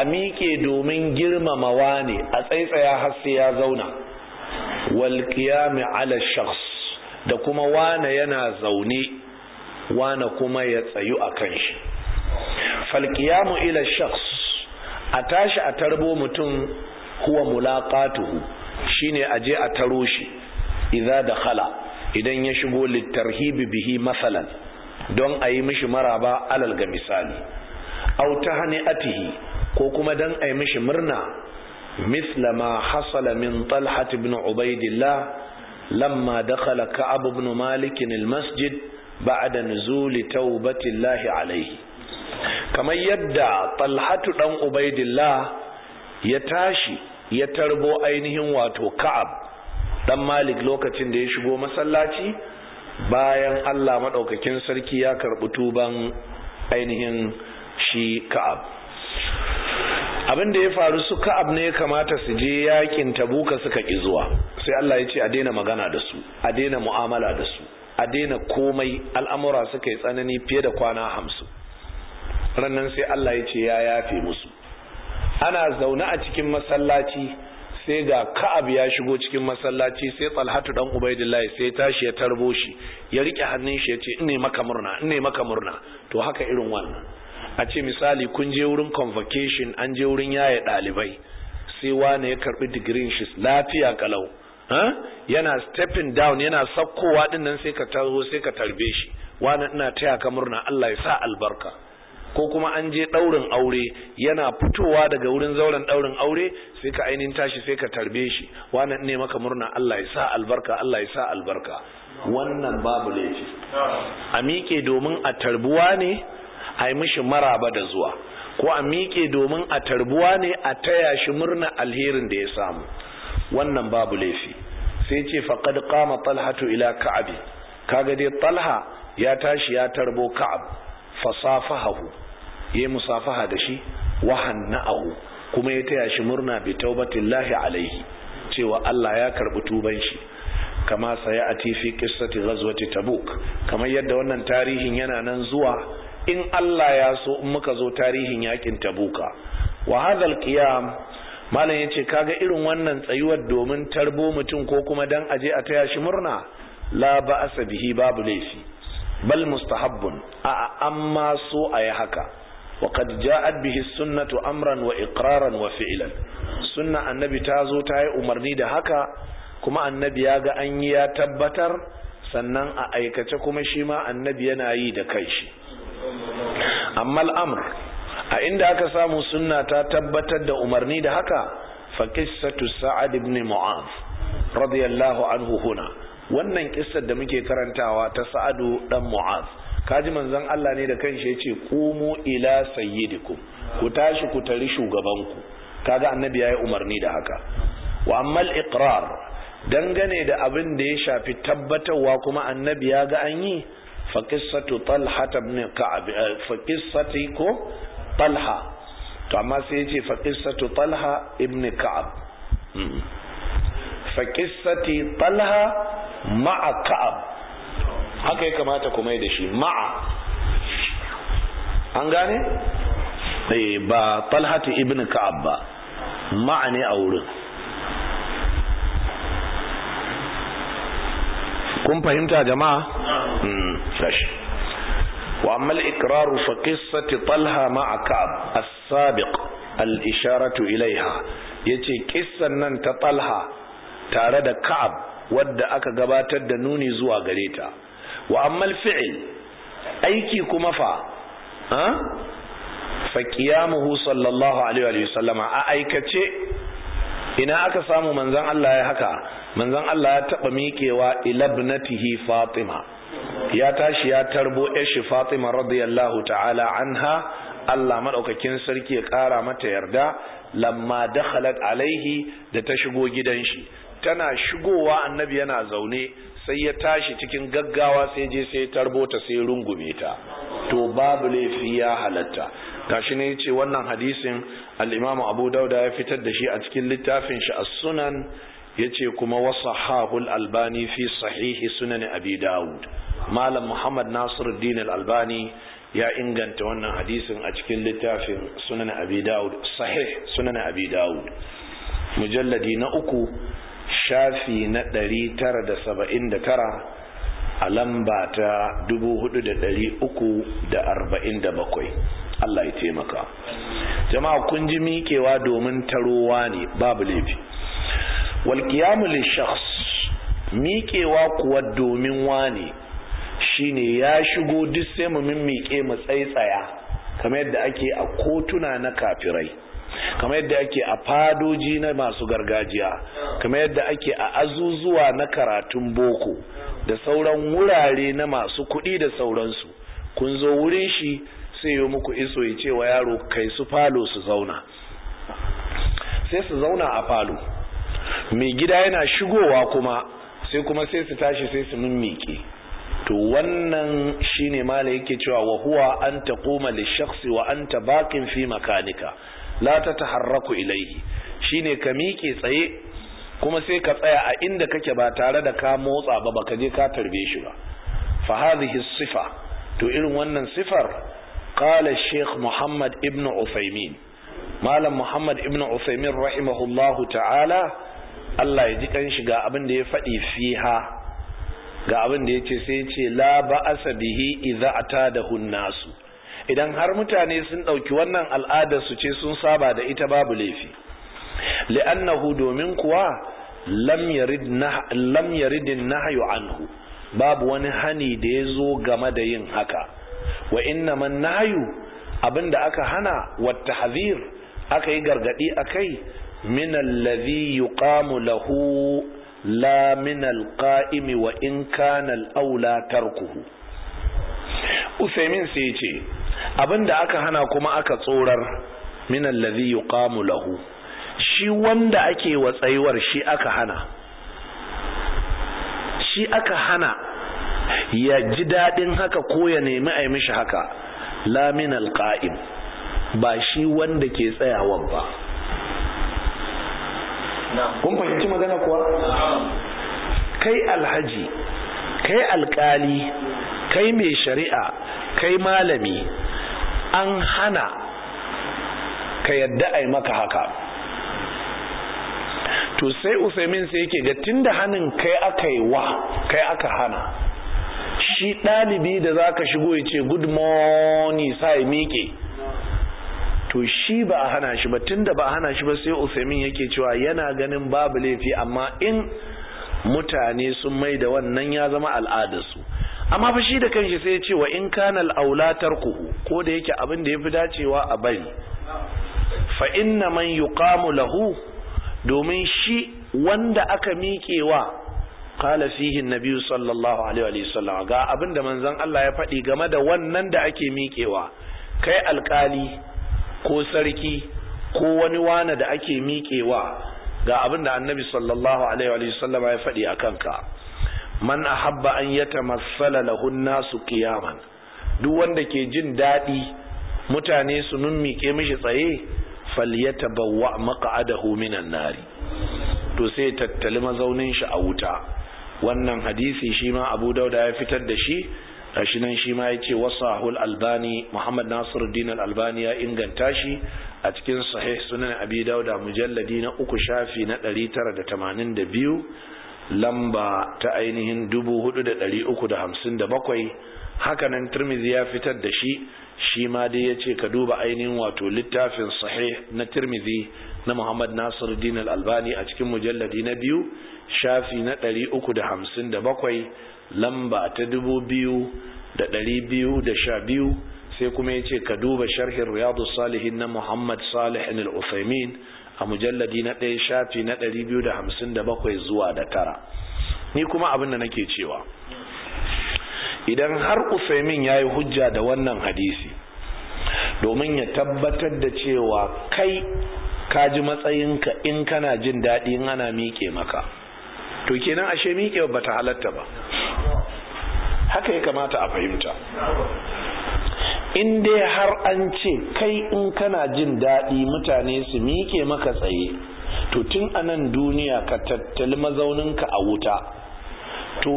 أميكي دومين جرم مواني أتيس يا حسي يا زونة والقيام على الشخص da kuma wane yana zaune wane kuma ya tsayu a kan shi falkiyamu ila shaks a tashi a tarbo mutum huwa mulaqatuhu shine a je a taro shi idza dakhala idan ya shigo litarhibi bihi masalan don a yi mishi maraba alal ga misali aw tahni'atihi ko kuma dan a yi mishi murna Mislama hasala min talhat ibn ubaidillah لما دخل كعب بن مالك المسجد بعد نزول توبة الله عليه كما يدعى طلحة بن عبيد الله يتاشي يتربو أينهم واتو كعب dan Malik lokacin da ya shigo masallaci bayan Allah madaukakin sarki ya karɓi tuban ainihin shi Ka'ab abin da ya faru su ka'ab ne ya kamata su je yakin tabuka suka ki zuwa sai Allah ya ce a daina magana da su a daina mu'amala da su a daina komai al'amura suka yi tsanani fiye da kwana hamsin rannan sai Allah ya ce ya yafe musu ana zaune a cikin masallaci sai ga ka'ab ya shigo cikin masallaci sai tsalhatu dan ubaidillahi sai tashi ya tarbo shi ya rike hannun shi ya ce ne maka murna ne maka murna to haka irin wannan a ce misali kun je wurin convocation an je wurin yaya ɗalibai sai wane ya karbi degree shi lafiya kalau yana stepping down yana sakkowa din nan sai ka taho sai ka tarbe shi wane ina taya ka murna Allah ya sa albarka ko kuma an je ɗaurin aure yana fitowa daga wurin zauren ɗaurin aure sai ka ainihin tashi sai ka tarbe shi wane ne maka murna Allah ya sa albarka Allah ya sa albarka wannan babu laifi a miƙe domin a tarbuwa ne a mishi maraba da zuwa ko a miƙe domin a tarbuwa ne a taya shi murna alherin da ya samu wannan babu laifi sai ce faqad qama talhatu ila ka'abi kaga dai talha ya tashi ya tarbo ka'ab fasafahahu ya musafaha da shi wa kuma ya taya shi murna bi taubatillahi alaihi cewa Allah ya karbi tuban shi kama sayati fi qissati ghazwati tabuk kamar yadda wannan tarihin yana nan zuwa in Allah ya so in muka zo tarihin yakin tabuka wa hadhal qiyam malam yace kaga irin wannan tsayuwar domin tarbo mutum ko kuma dan aje a taya shi murna la ba'sa babu laifi bal mustahabbun a amma so ayi haka wa qad ja'at bihi sunnatu amran wa iqraran wa fi'lan sunna annabi ta zo ta yi umarni da haka kuma annabi ya ga an yi ya tabbatar sannan a aikace kuma shi ma annabi yana yi da kanshi. amma al’amur a inda aka samu sunna ta tabbatar da umarni da haka fa sa'ad ibn mu'az radiyallahu anhu huna wannan kissar da muke karantawa ta sa'adu dan mu'az kaji manzon Allah ne da kanshi yace kumu ila sayyidikum ku tashi ku tari shugabanku kaga annabi yi umarni da haka wa amma al-iqrar dangane da abin da ya shafi tabbatarwa kuma annabi ya ga an yi fa talhata talha ibn ka'ab fa ko talha to amma sai yace fa talha ibn ka'ab fa talha ma'a ka'ab haka ya kamata kuma da shi ma'a an gane ba talhatu ibn ka'ab ba ma'a ne a wurin kun fahimta jama'a tashi hmm, wa ammal ikraru fa qissati talha ma'a ka'ab as-sabiq al-isharatu ilaiha yace kissan nan ta talha tare da ka'ab wadda aka gabatar da nuni zuwa gare ta wa aiki kuma fa ha fa qiyamuhu sallallahu alaihi wa sallama a aikace ina aka samu manzon Allah ya haka manzon Allah ya taɓa miƙewa ilabnatihi Fatima ya tashi ya tarbo ishi Fatima radiyallahu ta'ala anha Allah madaukakin sarki ya kara mata yarda lamma da dakhalat alaihi da ta shigo gidan shi tana shigowa annabi yana zaune sai ya tashi cikin gaggawa sai je sai tarbo ta sai rungume ta to babu laifi ya halatta gashi ne yace wannan hadisin al-Imam Abu Dauda ya fitar da shi a cikin littafin shi As-Sunan yace kuma wasahahul albani fi sahihi sunan abi daud malam muhammad nasiruddin albani ya inganta wannan hadisin a cikin littafin sunan abi daud sahih sunan abi daud mujalladi na uku shafi na ɗari da saba'in da tara a lamba ta dubu da ɗari da bakwai Allah ya taimaka jama'a kun ji miƙewa domin tarowa ne babu laifi wal qiyamu miƙewa kuwa domin wane shine ya shigo duk sai mu mimmiƙe mu tsaitsaya kamar yadda ake a kotuna na kafirai kamar yadda ake a fadoji na masu gargajiya kamar yadda ake a azuzuwa na karatun boko da sauran wurare na masu kuɗi da sauransu kun zo wurin shi sai yi muku iso ya ce wa yaro kai su falo su zauna sai su zauna a falo mai gida yana shigowa kuma sai kuma sai su tashi sai su mimmike to wannan shine mala yake cewa wa huwa an koma da shakhsi wa ta bakin fi makanika la ilaihi. Shi shine ka miƙe tsaye kuma sai ka tsaya a inda kake ba tare da ka motsa ba baka je ka tarbe shi ba fa hadhihi sifa to irin wannan sifar qala sheikh muhammad ibn usaymin malam muhammad ibn usaymin rahimahullahu ta'ala Allah ya ji kan shiga abin da ya faɗi fiha ga abin da ya ce sai ce la ba'asa bihi idza atadahu nasu idan har mutane sun ɗauki wannan al'adar su ce sun saba da ita babu laifi li'annahu domin kuwa lam yarid nah lam yarid nahyu anhu babu wani hani da ya zo game da yin haka wa inna man nahyu abinda aka hana wa tahzir aka yi gargadi akai min alladhi yuqamu lahu la min alqa'imi wa in kana al-aula sai ce abinda aka hana kuma aka tsorar min alladhi yuqamu lahu shi wanda ake wa tsayuwar shi aka hana shi aka hana ya ji daɗin haka ko ya nemi a mishi haka laminal min ba shi wanda ke tsayawan ba kun fahimci magana kuwa kai alhaji kai alkali kai mai shari'a kai malami an hana ka yadda a maka haka to sai usaimin sai yake ga tunda hannun kai aka yi wa kai aka hana shi ɗalibi da za ka shigo ya ce good morning sa ya miƙe to shi ba a hana shi ba tunda ba a hana shi ba sai usaimin yake cewa yana ganin babu laifi amma in mutane sun mai da wannan ya zama al'adarsu amma fa shi da kanshi sai ya ce wa in kana al'aula tarkuhu ko da yake abin da yafi dacewa a bari fa inna man yuqamu lahu domin shi wanda aka miƙewa kala fihi sallallahu alaihi wa sallam ga abinda da manzon Allah ya faɗi game da wannan da ake miƙewa kai alƙali ko sarki ko wani wana da ake miƙewa ga abin da annabi sallallahu alaihi wa sallam ya faɗi a kanka man ahabba an yatamassala lahun nasu qiyaman duk wanda ke jin daɗi mutane su miƙe mishi tsaye falyatabawwa maq'adahu minan nari to sai tattali mazaunin shi a wuta wannan hadisi shi ma Abu Dauda ya fitar da shi gashi nan shi ma ya ce wasahul albani muhammad nasiruddin albani ya inganta shi a cikin sahih sunan abi dauda mujalladi na uku shafi na 982 lamba ta ainihin 4357 hakanan tirmidhi ya fitar da shi shi ma dai ya ce ka duba ainihin wato littafin sahih na tirmidhi na muhammad nasiruddin albani a cikin mujalladi na biyu shafi na 357 lamba ta dubu biyu da ɗari biyu da sha biyu sai kuma ya ce ka duba sharhin riyadu salihin na muhammad salih al a mujalladi na ɗaya shafi na ɗari biyu da hamsin da bakwai zuwa da tara ni kuma abin da nake cewa idan har usaimin ya yi hujja da wannan hadisi domin ya tabbatar da cewa kai ka ji matsayinka in kana jin daɗi ana miƙe maka to kenan ashe ba bata halatta ba haka ya kamata a fahimta in dai har an ce kai in kana jin daɗi mutane su miƙe maka tsaye to tun a duniya ka tattali mazauninka a wuta to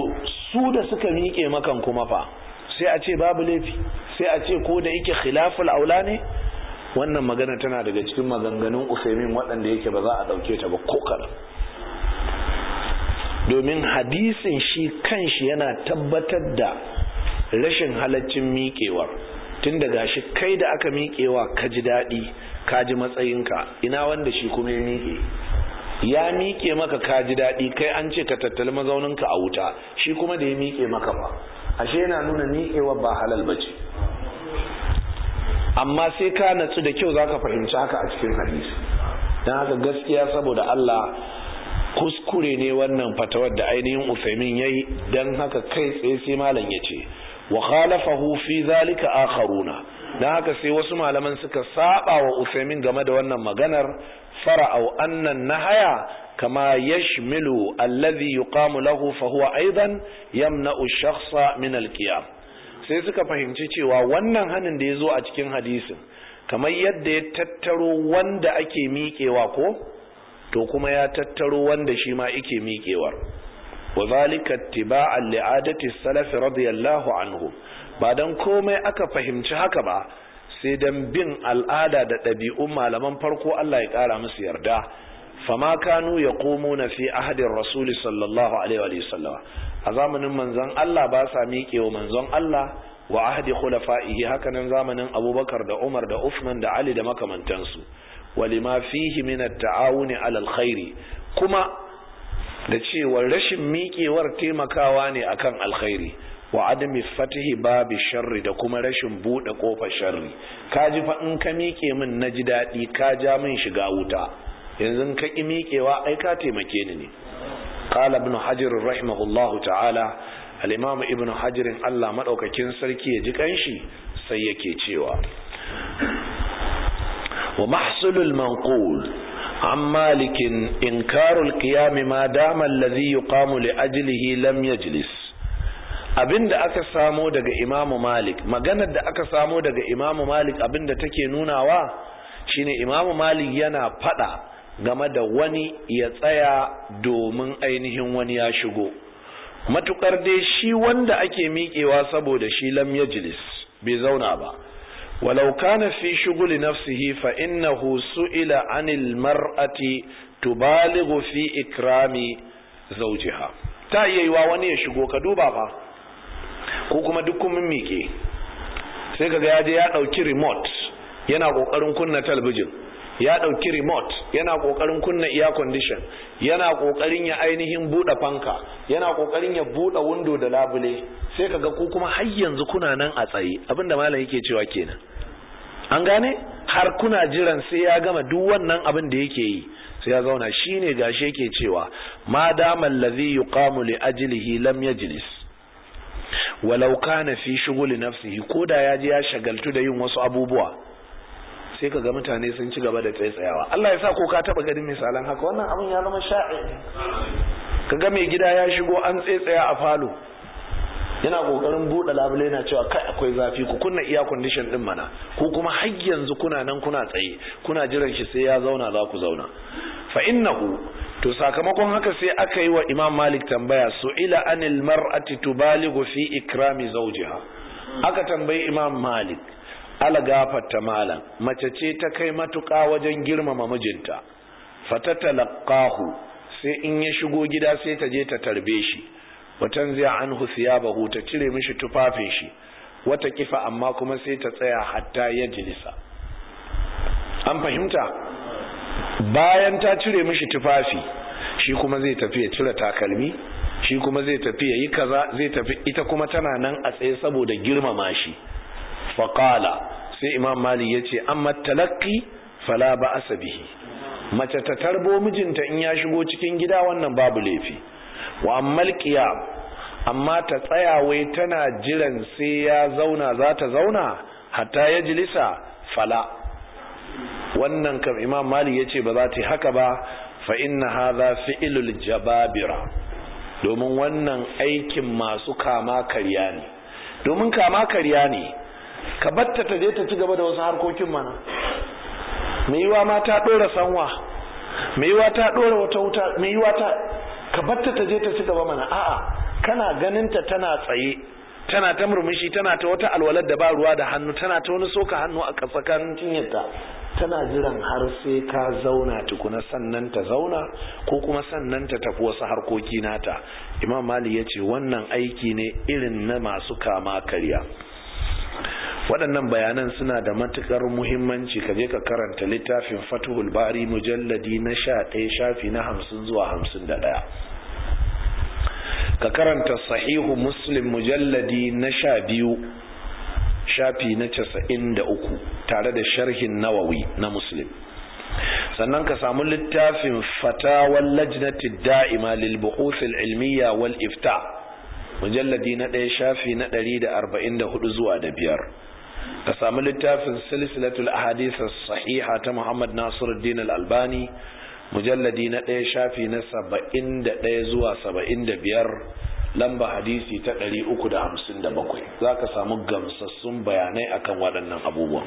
su da suka miƙe makan kuma fa sai a ce babu laifi sai a ce ko da yake khilaful aula ne wannan magana tana daga cikin maganganun usaimin waɗanda yake ba za a ɗauke ta ba kokar domin hadisin shi kanshi yana tabbatar da rashin halaccin miƙewa. tun daga shi kai da aka miƙewa ka ji daɗi ka ji matsayinka ina wanda shi kuma ya miƙe ya miƙe maka ka ji daɗi kai an ce ka tattali mazauninka a wuta shi kuma da ya miƙe maka ba ashe yana nuna miƙewa ba halal ba ce amma sai ka natsu da kyau za ka fahimci haka a cikin hadisi don haka gaskiya saboda Allah kuskure ne wannan fatawar da ainihin usaimin yayi dan haka kai tsaye sai malam ya ce wa khalafahu fi zalika akharuna dan haka sai wasu malaman suka saba wa usaimin game da wannan maganar fara'au annan nahaya kama yashmilu alladhi yuqamu lahu fa huwa aidan yamna'u shakhsa min al sai suka fahimci cewa wannan hanin da yazo a cikin hadisin kamar yadda ya tattaro wanda ake miƙewa ko to kuma ya tattaro wanda shi ma ike miƙewar wa zalika tiba'an li'adati salaf radiyallahu anhu ba dan komai aka fahimci haka ba sai dan bin al'ada da ɗabi'un malaman farko Allah ya ƙara musu yarda fama kanu na fi ahdi ar-rasul sallallahu alaihi wa a zamanin manzon Allah ba sa miƙewa manzon Allah wa ahdi khulafa'ihi hakanan zamanin abubakar da umar da usman da ali da makamantansu walima lima fihi min taawuni 'ala kuma da cewa rashin miƙewar taimakawa ne akan alkhairi wa adami fatihi babu sharri da kuma rashin buɗe ƙofar sharri ka ji fa in ka miƙe min na ji daɗi ka ja min shiga wuta yanzu ka ƙi miƙewa ai ka taimake ni ne qala ibn hajar rahimahullahu ta'ala al-imam ibn hajar Allah madaukakin sarki ya ji kanshi sai yake cewa ومحصل المنقول عن مالك إنكار القيام ما دام الذي يقام لأجله لم يجلس abin da aka samo daga imamu malik maganar da aka samo daga imamu malik abin da take nunawa shine imamu malik yana fada game da wani ya tsaya domin ainihin wani ya shigo matukar dai shi wanda ake miƙewa saboda shi lam yajlis bai zauna ba walau kana fi shughuli nafsihi fa innahu su'ila 'anil mar'ati tubalighu fi ikrami zawjiha ta iya yiwa wani ya shigo ka duba fa ko kuma duk kun mike sai kaga ya je ya ɗauki rimot yana kokarin kunna talbijin ya ɗauki remote yana ƙoƙarin kunna air condition yana ƙoƙarin ya ainihin buɗe fanka yana ƙoƙarin ya buɗe window da labule sai ka ga ku kuma har yanzu kuna nan a tsaye abinda malam yake cewa kenan an gane har kuna jiran sai ya gama duk wannan abin da yake yi sai ya zauna shine gashi yake cewa ma dama allazi yuqamu li ajlihi lam yajlis walau kana fi shughuli nafsihi koda ya je ya shagaltu da yin wasu abubuwa sai ka ga mutane sun ci gaba da tsayawa Allah ya sa ko ka taba gani misalan haka wannan abin ya zama sha'i ka ga mai gida ya shigo an tsaya a falo yana kokarin buɗe labule yana cewa kai akwai zafi ku kunna iya condition din mana ko kuma har yanzu kuna nan kuna tsaye kuna jiran shi sai ya zauna za ku zauna fa innahu to sakamakon haka sai aka yi wa Imam Malik tambaya su'ila anil mar'ati tubaligu fi ikrami zawjiha aka tambayi Imam Malik algafarta malam mace ce ta kai matuƙa wajen girmama mijinta fata talaqahu sai in ya shigo gida sai ta je ta tarbe shi watan zai anhu bahu ta cire mishi tufafin shi wata kifa amma kuma sai ta tsaya hatta ya jilisa an fahimta bayan ta cire mishi tufafi shi kuma zai tafi ya cire takalmi shi kuma zai tafi ya yi kaza zai tafi ita kuma tana nan a tsaye saboda girmama shi Faƙala sai imam mali yace amma talaqqi fala ba bihi mace ta tarbo mijinta in ya shigo cikin gida wannan babu laifi wa ammal qiyam amma ta tsaya wai tana jiran sai ya zauna za ta zauna hatta ya jilisa fala wannan kam imam mali yace ba za ta haka ba fa inna hadha fi'lul jababira domin wannan aikin masu kama karya ne domin kama karya ne ka ta je ta ci gaba da wasu harkokin mana mai yiwa ma ta ɗora sanwa mai yiwa ta ɗora wata wuta mai yiwa ta ka ta je ta ci gaba mana a'a kana ganinta tana tsaye tana ta murmushi tana ta wata alwalar da ba ruwa da hannu tana ta wani soka hannu a tsakanin cinyarta tana jiran har sai ka zauna tukuna sannan ta zauna ko kuma sannan ta tafi wasu harkoki nata imam mali ya ce wannan aiki ne irin na masu kama karya waɗannan bayanan suna da matuƙar muhimmanci ka je ka karanta littafin fatuhul bari mujalladi na sha ɗaya shafi na hamsin zuwa hamsin da ɗaya ka karanta sahihu muslim mujalladi na sha biyu shafi na casa'in da uku tare da sharhin nawawi na muslim sannan ka samu littafin fatawar lajnati da'ima lil ilmiya wal ifta mujalladi na ɗaya shafi na ɗari da arba'in da hudu zuwa da biyar ka samu littafin silsilatul ahadisa sahiha ta Muhammad Nasiruddin Al-Albani mujalladi na ɗaya shafi na saba'in da ɗaya zuwa saba'in da biyar lamba hadisi ta ɗari uku da hamsin da bakwai za ka samu gamsassun bayanai akan waɗannan abubuwan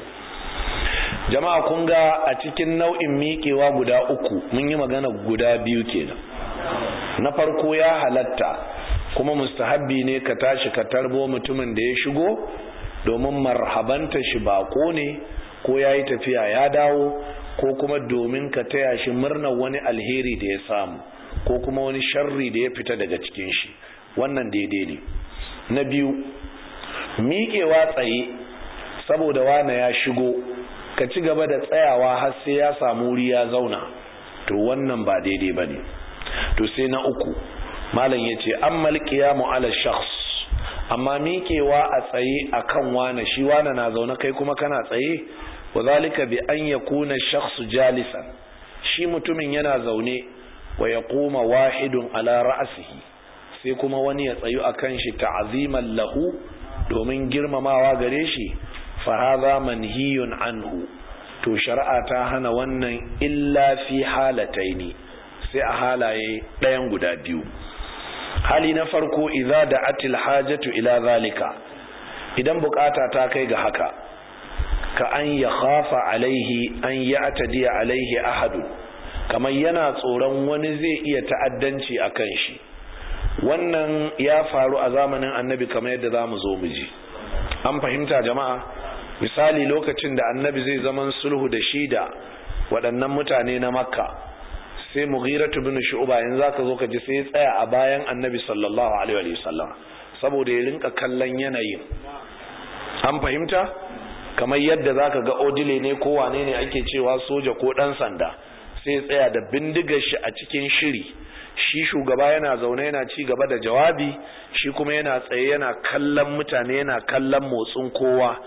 jama'a kun ga a cikin nau'in miƙewa guda uku mun yi magana guda biyu kenan na farko ya halatta kuma mustahabbi ne ka tashi ka tarbo mutumin da ya shigo domin marhabanta shi bako ne ko ya yi tafiya ya dawo ko kuma domin ka taya shi murnar wani alheri da ya samu ko kuma wani sharri da ya fita daga cikin shi wannan daidai ne na biyu miƙewa tsaye saboda wane ya shigo ka ci gaba da tsayawa har sai ya samu wuri ya zauna to wannan ba daidai ba ne to sai na uku malam ya ce an malƙiya ala shakhs amma miƙewa a tsaye a kan wane shi wane na zaune kai kuma kana tsaye wa zalika bi an ya kuna shaksu jalisan shi mutumin yana zaune wa ya kuma wahidun ala ra'asihi. sai kuma wani ya tsayu a kan shi ta'aziman lahu domin girmamawa gare shi Fara zaman manhiyun anhu to shari'a ta hana wannan illa fi halataini sai a halaye ɗayan guda biyu hali na farko idza da'atil hajatu ila zalika idan bukata ta kai ga haka ka an ya khafa alaihi an ya atadiya alaihi ahadu kamar yana tsoron wani zai iya ta'addanci a kan shi wannan ya faru a zamanin annabi kamar yadda za mu zo mu ji an fahimta jama'a misali lokacin da annabi zai zaman sulhu da shida waɗannan mutane na makka sai mughiratu bin shu'ba za zaka zo ka ji sai tsaya a bayan annabi sallallahu alaihi wa sallam saboda ya rinka kallon yanayin an fahimta kamar yadda zaka ga odile ne ko wane ne ake cewa soja ko dan sanda sai tsaya da bindigar shi a cikin shiri shi shugaba yana zaune yana ci gaba da jawabi shi kuma yana tsaye yana kallon mutane yana kallon motsin kowa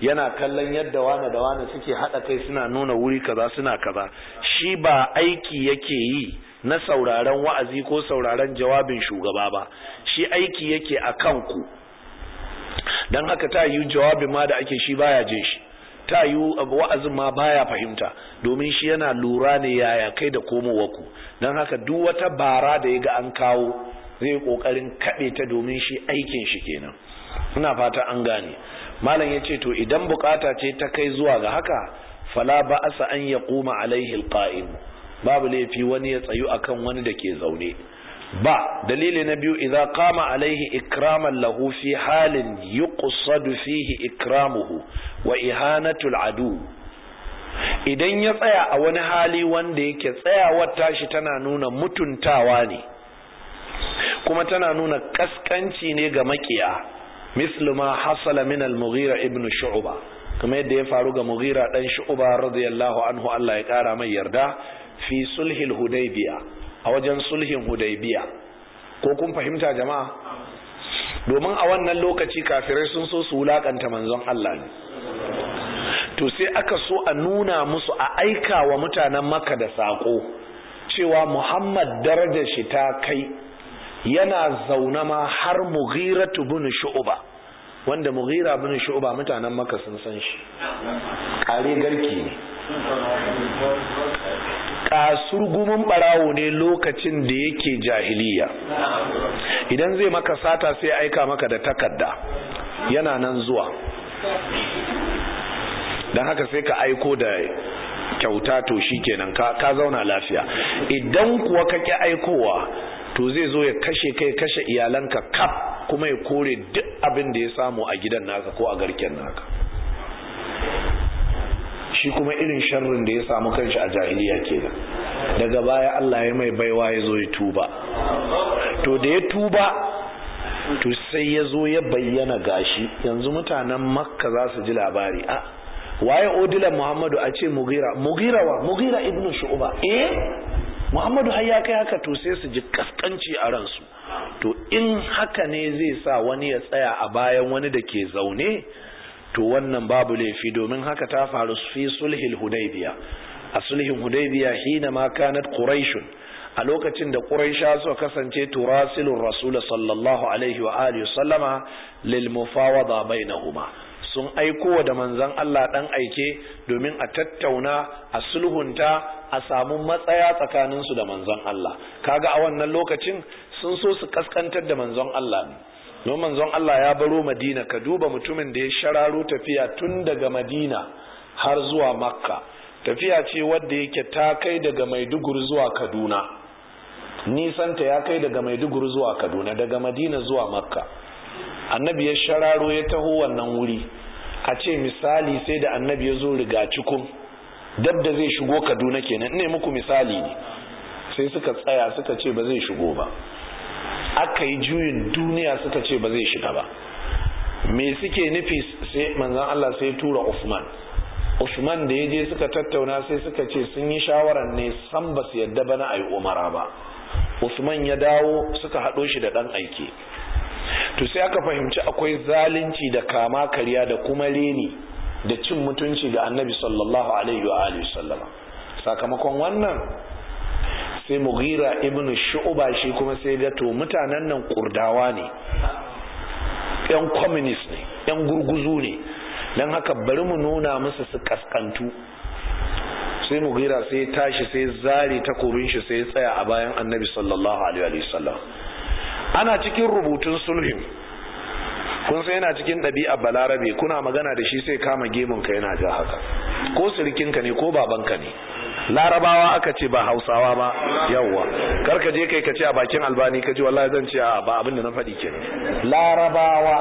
yana kallon yadda wane da wane suke haɗa kai suna nuna wuri kaza suna kaza shi ba aiki yake yi na sauraron wa'azi ko sauraron jawabin shugaba ba shi aiki yake a kanku don haka ta yi jawabin ma da ake shi baya je shi ta yi wa'azin ma baya fahimta domin shi yana lura ne yaya kai da komowaku don haka duk wata bara da ya ga an kawo zai kokarin kaɗe ta domin shi aikin shi kenan ina fata an gane malam ya ce to idan bukata ce ta kai zuwa ga haka fala ba asa an ya kuma alaihi alqa'im babu laifi wani ya tsayu akan wani da ke zaune ba dalili na biyu idza qama alaihi ikraman lahu fi halin yuqsadu fihi ikramuhu wa ihanatul adu idan ya tsaya a wani hali wanda yake tsayawar tashi tana nuna mutuntawa ne kuma tana nuna kaskanci ne ga makiya mislu ma hasala min al-mughira ibn shu'ba kuma yadda ya faru ga mughira ɗan shu'ba radiyallahu anhu Allah ya kara mai yarda fi sulhil hudaybiya a wajen sulhin hudaybiya ko kun fahimta jama'a domin a wannan lokaci kafirai sun so su wulakanta manzon Allah ne to sai aka so a nuna musu a aika wa mutanen maka da saƙo cewa muhammad daraja shi ta kai yana zaune ma har mughiratu bin shu'ba wanda mughira bin shu'ba mutanen maka sun san shi kare garki ne kasurgumin barawo ne lokacin da yake jahiliya idan zai maka sata sai aika maka da takarda yana nan zuwa don haka sai ka aiko da kyauta to shikenan ka ka zauna lafiya idan kuwa ka ki aikowa to zai zo ya kashe kai kashe iyalanka kaf kuma ya kore duk abin da ya samu a gidan naka ko a garken naka shi kuma irin sharrin da ya samu kanshi a jahiliya kenan daga baya Allah ya mai baiwa ya zo ya tuba to da ya tuba to sai ya zo ya bayyana gashi yanzu mutanen makka za su ji labari a waye odilan muhammadu a ce mugira mugira wa mugira ibnu shu'ba eh muhammadu har ya kai haka to sai su ji kaskanci a ransu to in haka ne zai sa wani ya tsaya a bayan wani da ke zaune to wannan babu laifi domin haka ta faru fi sulhil hudaybiya a sulhin hudaybiya hina ma kanat quraishun a lokacin da quraisha suka kasance turasilur rasul sallallahu alaihi wa alihi sallama lil mufawada bainahuma sun aiko da manzon Allah ɗan aike domin a tattauna a sulhunta a samu matsaya tsakanin su da manzon Allah kaga a wannan lokacin sun so su kaskantar da manzon Allah ne don manzon Allah ya baro Madina ka duba mutumin da ya shararo tafiya tun daga Madina har zuwa Makka tafiya ce wanda yake ta kai daga Maiduguri zuwa Kaduna Nisan ta ya kai daga Maiduguri zuwa Kaduna daga Madina zuwa Makka annabi ya shararo ya taho wannan wuri a ce misali sai da annabi ya zo riga cikin dab da zai shigo kaduna kenan ne muku misali ne sai suka tsaya suka ce ba zai shigo ba aka yi juyin duniya suka ce ba zai shiga ba me suke nufi sai manzan Allah sai tura Usman Usman da ya je suka tattauna sai suka ce sun yi shawarar ne san ba su yadda na ayi umara ba Usman ya dawo suka haɗo shi da ɗan aiki to sai aka fahimci akwai zalunci da kama karya da kuma reni da cin mutunci ga annabi sallallahu alaihi wa alihi sallama sakamakon wannan sai mughira ibnu shu'ba shi kuma sai ga to mutanen nan kurdawa ne yan communist ne yan gurguzu ne dan haka bari mu nuna musu su kaskantu sai mughira sai tashi sai zare takobin shi sai tsaya a bayan annabi sallallahu alaihi wa sallam ana cikin rubutun sulhin kun sai yana cikin ɗabi'a balarabe kuna magana da shi sai kama gemunka yana ja haka ko sirikinka ne ko babanka ne larabawa aka ce ba hausawa ba yawwa karka je kai ka ce a bakin albani ka ji wallahi zan ce a ba abin na faɗi ke larabawa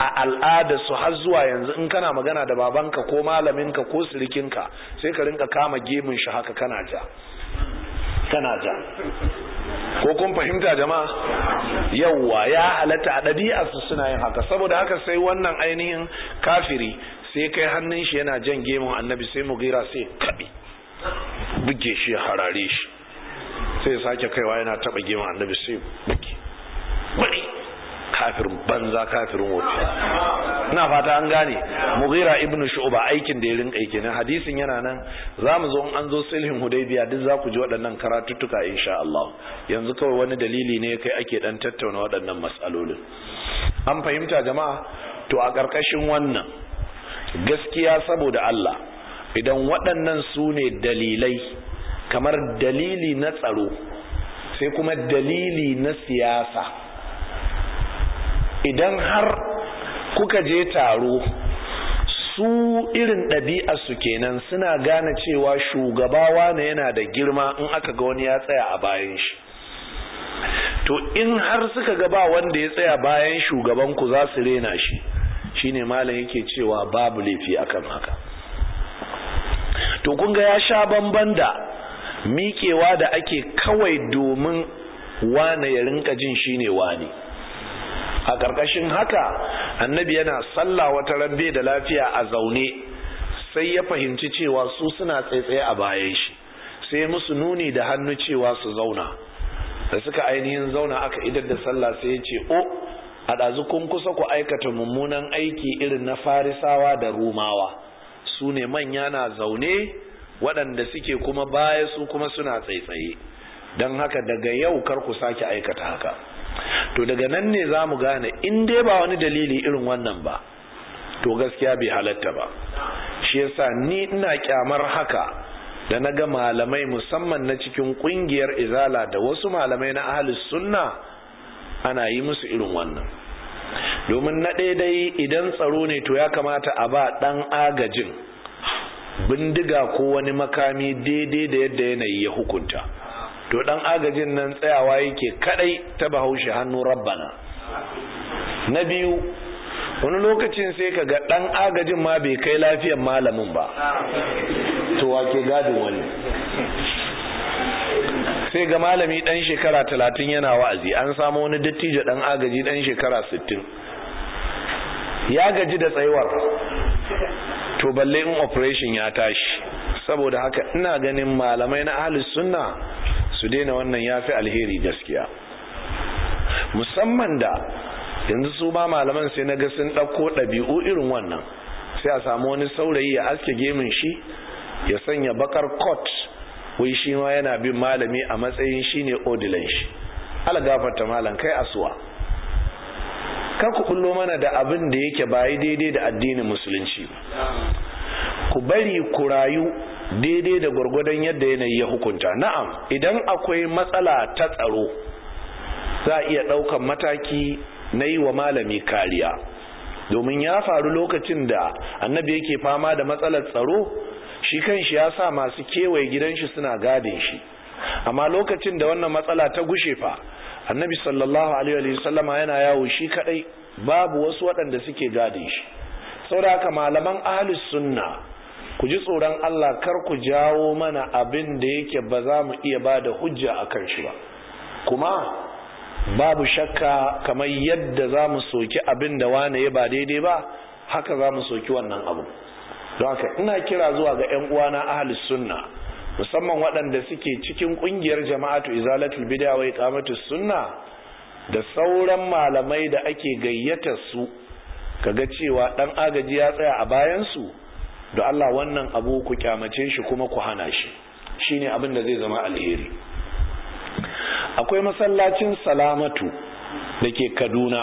a al'ada su har zuwa yanzu in kana magana da babanka ko malaminka ko sirikinka sai ka rinka kama gemun shi haka kana ja kana ja ko kun fahimta jama'a yawwa ya halatta a su suna yin haka saboda haka sai wannan ainihin kafiri sai kai hannun shi yana jan gemun annabi sai mugira sai kaɓe buge shi harare shi sai sake kaiwa yana taɓa gemun annabi sai buge kafirin banza kafirin wuce ina fata an gane mughira ibn shu'ba aikin da ya rinka yake nan hadisin yana nan zamu zo an zo sulhin Hudaibiya duk za ku ji waɗannan karatuttuka insha Allah yanzu kawai wani dalili ne kai ake dan tattauna waɗannan matsalolin an fahimta jama'a to a ƙarƙashin wannan gaskiya saboda Allah idan waɗannan su ne dalilai kamar dalili na tsaro sai kuma dalili na siyasa idan har kuka je taro su irin ɗabi'arsu kenan suna gane cewa shugabawa na yana da girma in aka ga wani ya tsaya a bayan shi to in har suka ga ba wanda ya tsaya bayan shugaban ku za su rena shi shine malam yake cewa babu laifi akan haka to kun ga ya sha banban da miƙewa da ake kawai domin wane ya rinka jin shine wane a ƙarƙashin haka annabi yana sallah wata rabbe da lafiya a zaune sai ya fahimci cewa su suna tsaitsaye a bayan shi sai musu nuni da hannu cewa su zauna da suka ainihin zauna aka idar da sallah sai ya ce o a ɗazu kun kusa ku aikata mummunan aiki irin na farisawa da rumawa su ne manya na zaune waɗanda suke kuma baya su kuma suna tsaitsaye don haka daga yau kar ku sake aikata haka to daga nan ne za mu gane in dai ba wani dalili irin wannan ba to gaskiya bai halatta ba shi yasa ni ina kyamar haka da na ga malamai musamman na cikin kungiyar izala da wasu malamai na ahalus sunna ana yi musu irin wannan domin na dai idan tsaro ne to ya kamata a ba ɗan agajin bindiga ko wani makami daidai da yadda yanayi ya hukunta to dan agajin nan tsayawa yake kadai ta bahaushe hannu rabbana na biyu wani lokacin sai ka ga dan agajin ma bai kai lafiyar malamin ba to wake gadin wani sai ga malami dan shekara talatin yana wa'azi an samu wani dattijo dan agaji dan shekara sittin ya gaji da tsayuwar to balle in operation ya tashi saboda haka ina ganin malamai na ahlus sunna su daina wannan ya fi alheri gaskiya musamman da yanzu su ba malaman sai na ga sun ɗauko ɗabi'u irin wannan sai a samu wani saurayi ya aske gemin shi ya sanya bakar kot wai shi ma yana bin malami a matsayin shi ne odilan shi algafarta malam kai asuwa kar ku kullo mana da abin da yake bayi daidai da addinin musulunci ku bari ku rayu daidai da gwargwadon yadda yanayi ya hukunta na'am idan akwai matsala ta tsaro za iya ɗaukan mataki na yi wa malami kariya domin ya faru lokacin da annabi yake fama da matsalar tsaro shi kan shi ya sa masu kewaye gidan shi suna gadin shi amma lokacin da wannan matsala ta gushe fa annabi sallallahu alaihi wa sallama yana yawo shi kadai babu wasu waɗanda suke gadin shi saboda haka malaman ahlus sunna ku ji tsoron Allah kar ku jawo mana abin da yake ba za mu iya ba da hujja a kan shi ba kuma babu shakka kamar yadda za mu soki abin da wane ya ba daidai ba haka za mu soki wannan abu don haka ina kira zuwa ga 'yan uwana ahli sunna musamman waɗanda suke cikin ƙungiyar jama'atu izalatul bid'a wa iqamatus sunna da sauran malamai da ake gayyata su kaga cewa dan agaji ya tsaya a bayan su da Allah wannan abu ku kyamace shi kuma ku hana shi shine abin da zai zama alheri akwai masallacin salamatu da ke kaduna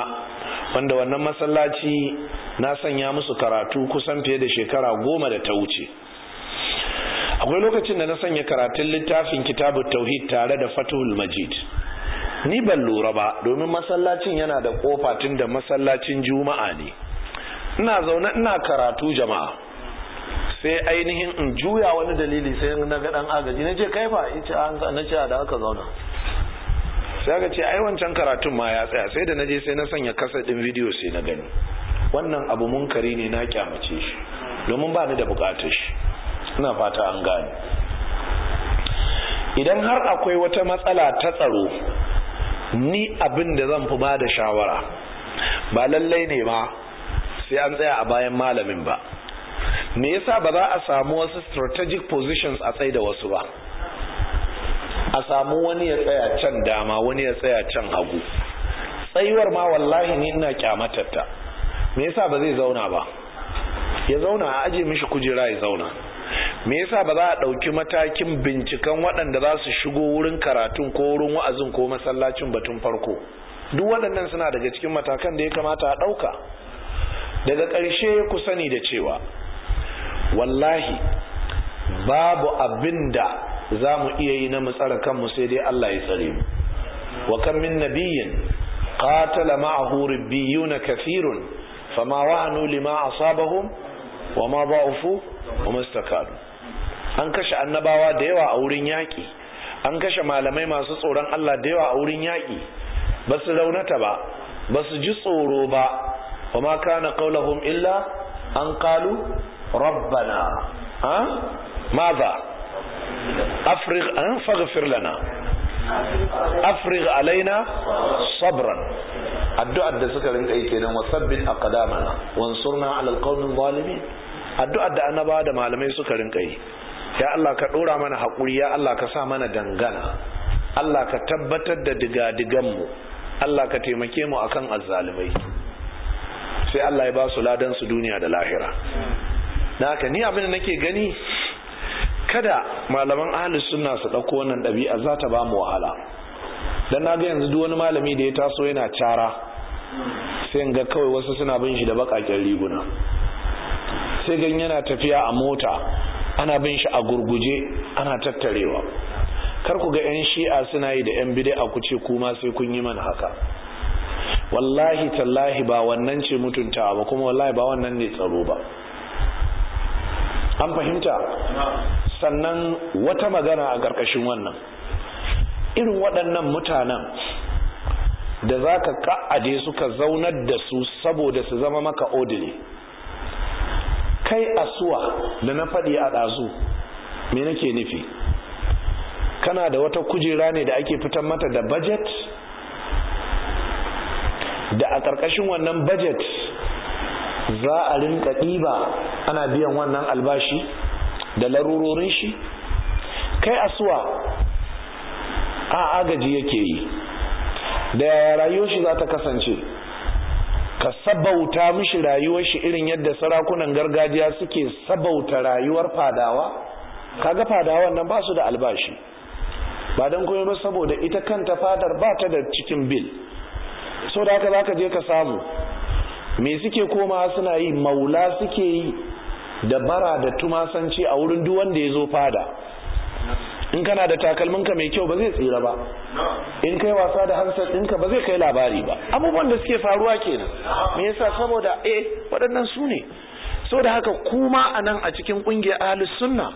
wanda wannan masallaci na sanya musu karatu kusan fiye da shekara goma da ta wuce akwai lokacin da na sanya karatun littafin kitabu tauhid tare da fatuhul majid ni ban lura ba domin masallacin yana da kofa tun da masallacin juma'a ne ina zaune ina karatu jama'a sai ainihin in juya wani dalili sai na ga dan agaji na je kai ba ce an na ce da aka zauna sai ga ce ai wancan karatun ma ya tsaya sai da naje sai na sanya kasar din bidiyo sai na gani wannan abu munkari ne na kyamace shi domin ba ni da bukatar shi ina fata an gane idan har akwai wata matsala ta tsaro ni abin da zan fi ba da shawara ba lallai ne ba sai an tsaya a bayan malamin ba me yasa ba za a samu wasu strategic positions a tsaye da wasu ba a samu wani ya tsaya can dama wani ya tsaya can hagu tsayuwar ma wallahi ni ina kyamatarta me yasa ba zai zauna ba ya zauna a aje mishi kujera ya zauna me yasa ba za a ɗauki matakin binciken waɗanda za su shigo wurin karatun ko wurin wa'azin ko masallacin batun farko duk waɗannan suna daga cikin matakan da ya kamata a ɗauka daga ƙarshe ku sani da cewa wallahi babu abinda za mu iya yi na mu kanmu sai dai Allah ya tsare mu wa kan min nabiyyin qatala ma'ahu rabbiyuna kathirun fama wa'anu lima asabahum wa ma ba'ufu wa mastakadu an kashe annabawa da yawa a wurin yaƙi an kashe malamai masu tsoron Allah da yawa a wurin yaƙi ba su raunata ba ba su ji tsoro ba wa ma kana qaulahum illa an qalu ربنا ها ماذا أفرغ فاغفر لنا أفرغ علينا صبرا الدعاء da suka rinka yi kenan wa sabbin aqdamana wansurna ala alqawmi zalimin addu'a da annaba da malamai suka rinka yi ya Allah ka dora mana hakuri ya Allah ka sa mana dangana Allah ka tabbatar da digadigan mu Allah ka taimake mu akan azzalimai sai Allah ya ba su ladan su duniya da lahira da haka ni abin da nake gani kada malaman ahli sunna su dauko wannan ɗabi'a za ta ba mu wahala dan na ga yanzu duk wani malami da ya taso yana cara sai ga kawai wasu suna bin shi da bakaken riguna sai gan yana tafiya a mota ana bin shi a gurguje ana tattarewa kar ku ga 'yan shi'a suna yi da 'yan bid'a ku ce kuma sai kun yi mana haka wallahi tallahi ba wannan ce mutunta ba kuma wallahi ba wannan ne tsaro ba an fahimta sannan wata magana a ƙarƙashin wannan irin waɗannan mutanen da za ka ka'ade suka zaunar da su saboda su zama maka odile kai asuwa da na faɗi a ɗazu me nake nufi kana da wata kujera ne da ake fitan mata da budget da a ƙarƙashin wannan budget za a rinka ɗiba ana biyan wannan albashi da larurorin shi kai asuwa a agaji yake yi da rayuwar shi za ta kasance ka sabauta mishi rayuwar shi irin yadda sarakunan gargajiya suke sabauta rayuwar fadawa kaga fadawan nan ba su da albashi ba don koyo ba saboda ita kanta fadar ba ta da cikin bil so da haka za ka je ka samu me suke koma suna yi maula suke yi da bara da tumasanci a wurin duk wanda ya zo fada in kana da takalminka mai kyau ba zai tsira ba in kai wasa da hansar ɗinka ba zai kai labari ba abubuwan da suke faruwa kenan me yasa saboda eh waɗannan su ne saboda haka kuma a nan a cikin ƙungiyar ahlus sunna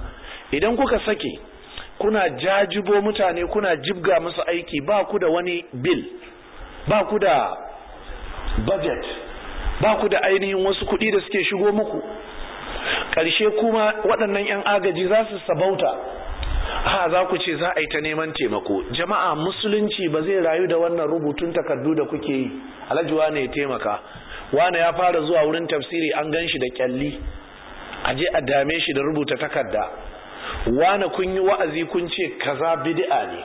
idan kuka sake kuna jajibo mutane kuna jibga musu aiki ba ku da wani bil, ba ku da budget ba ku da ainihin wasu kuɗi da suke shigo muku ƙarshe kuma waɗannan 'yan agaji za su sabauta ha za ku ce za a yi ta neman taimako jama'a musulunci ba zai rayu da wannan rubutun takardu da kuke yi alhaji wane ya taimaka wane ya fara zuwa wurin tafsiri an gan shi da kyalli a je a dame shi da rubuta takarda wane kun yi wa'azi kun ce kaza bid'a ne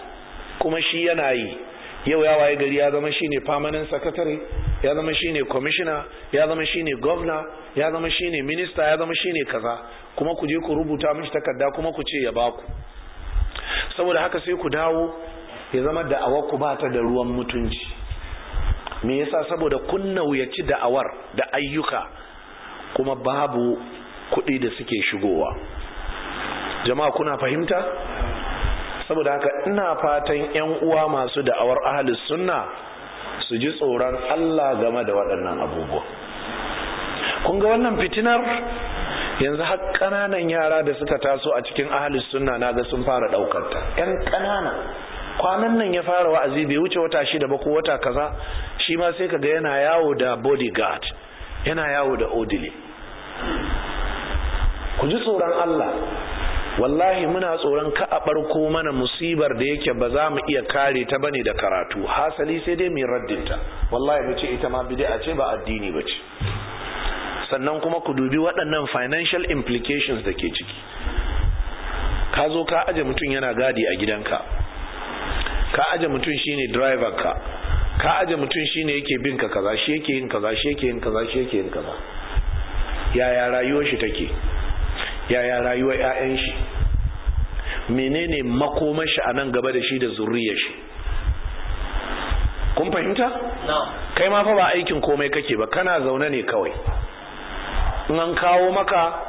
kuma shi yana yi yau ya waye gari ya zama shine permanent secretary ya zama shine commissioner ya zama shine governor ya zama shine minister ya zama shine kaza kuma ku je ku rubuta mishi takarda kuma ku ce ya baku saboda haka sai ku dawo ya zama da'awar ku bata da ruwan mutunci me yasa saboda kun nauyaci da'awar da ayyuka kuma babu kuɗi da suke shigowa jama'a kuna fahimta saboda haka ina fatan yan uwa masu da'awar ahli sunna su ji tsoron Allah game da waɗannan abubuwa kun ga wannan fitinar yanzu har ƙananan yara da suka taso a cikin ahlus sunna na ga sun fara ɗaukar ta ƴan ƙanana kwanan nan ya fara wa'azi bai wuce wata shida ba ko wata kaza shi ma sai kaga yana yawo da bodyguard yana yawo da odile ku ji tsoron Allah wallahi muna tsoron ka a barko mana musibar da yake ba za mu iya kare ta bane da karatu hasali sai dai raddin raddinta wallahi mu ita ma bid'a ce ba addini ba ce sannan kuma ku dubi waɗannan financial implications da ke ciki ka zo ka aje mutum yana gadi a gidanka ka aje mutum shine driver ka ka aje mutum shine yake bin ka kaza shi yake yin kaza shi yake yin kaza shi yake yin kaza yaya rayuwar shi take yaya rayuwar 'ya'yan shi menene makoman shi a nan gaba da shi da zuriyar shi kun fahimta kai ma fa ba aikin komai kake ba kana zaune ne kawai in an kawo maka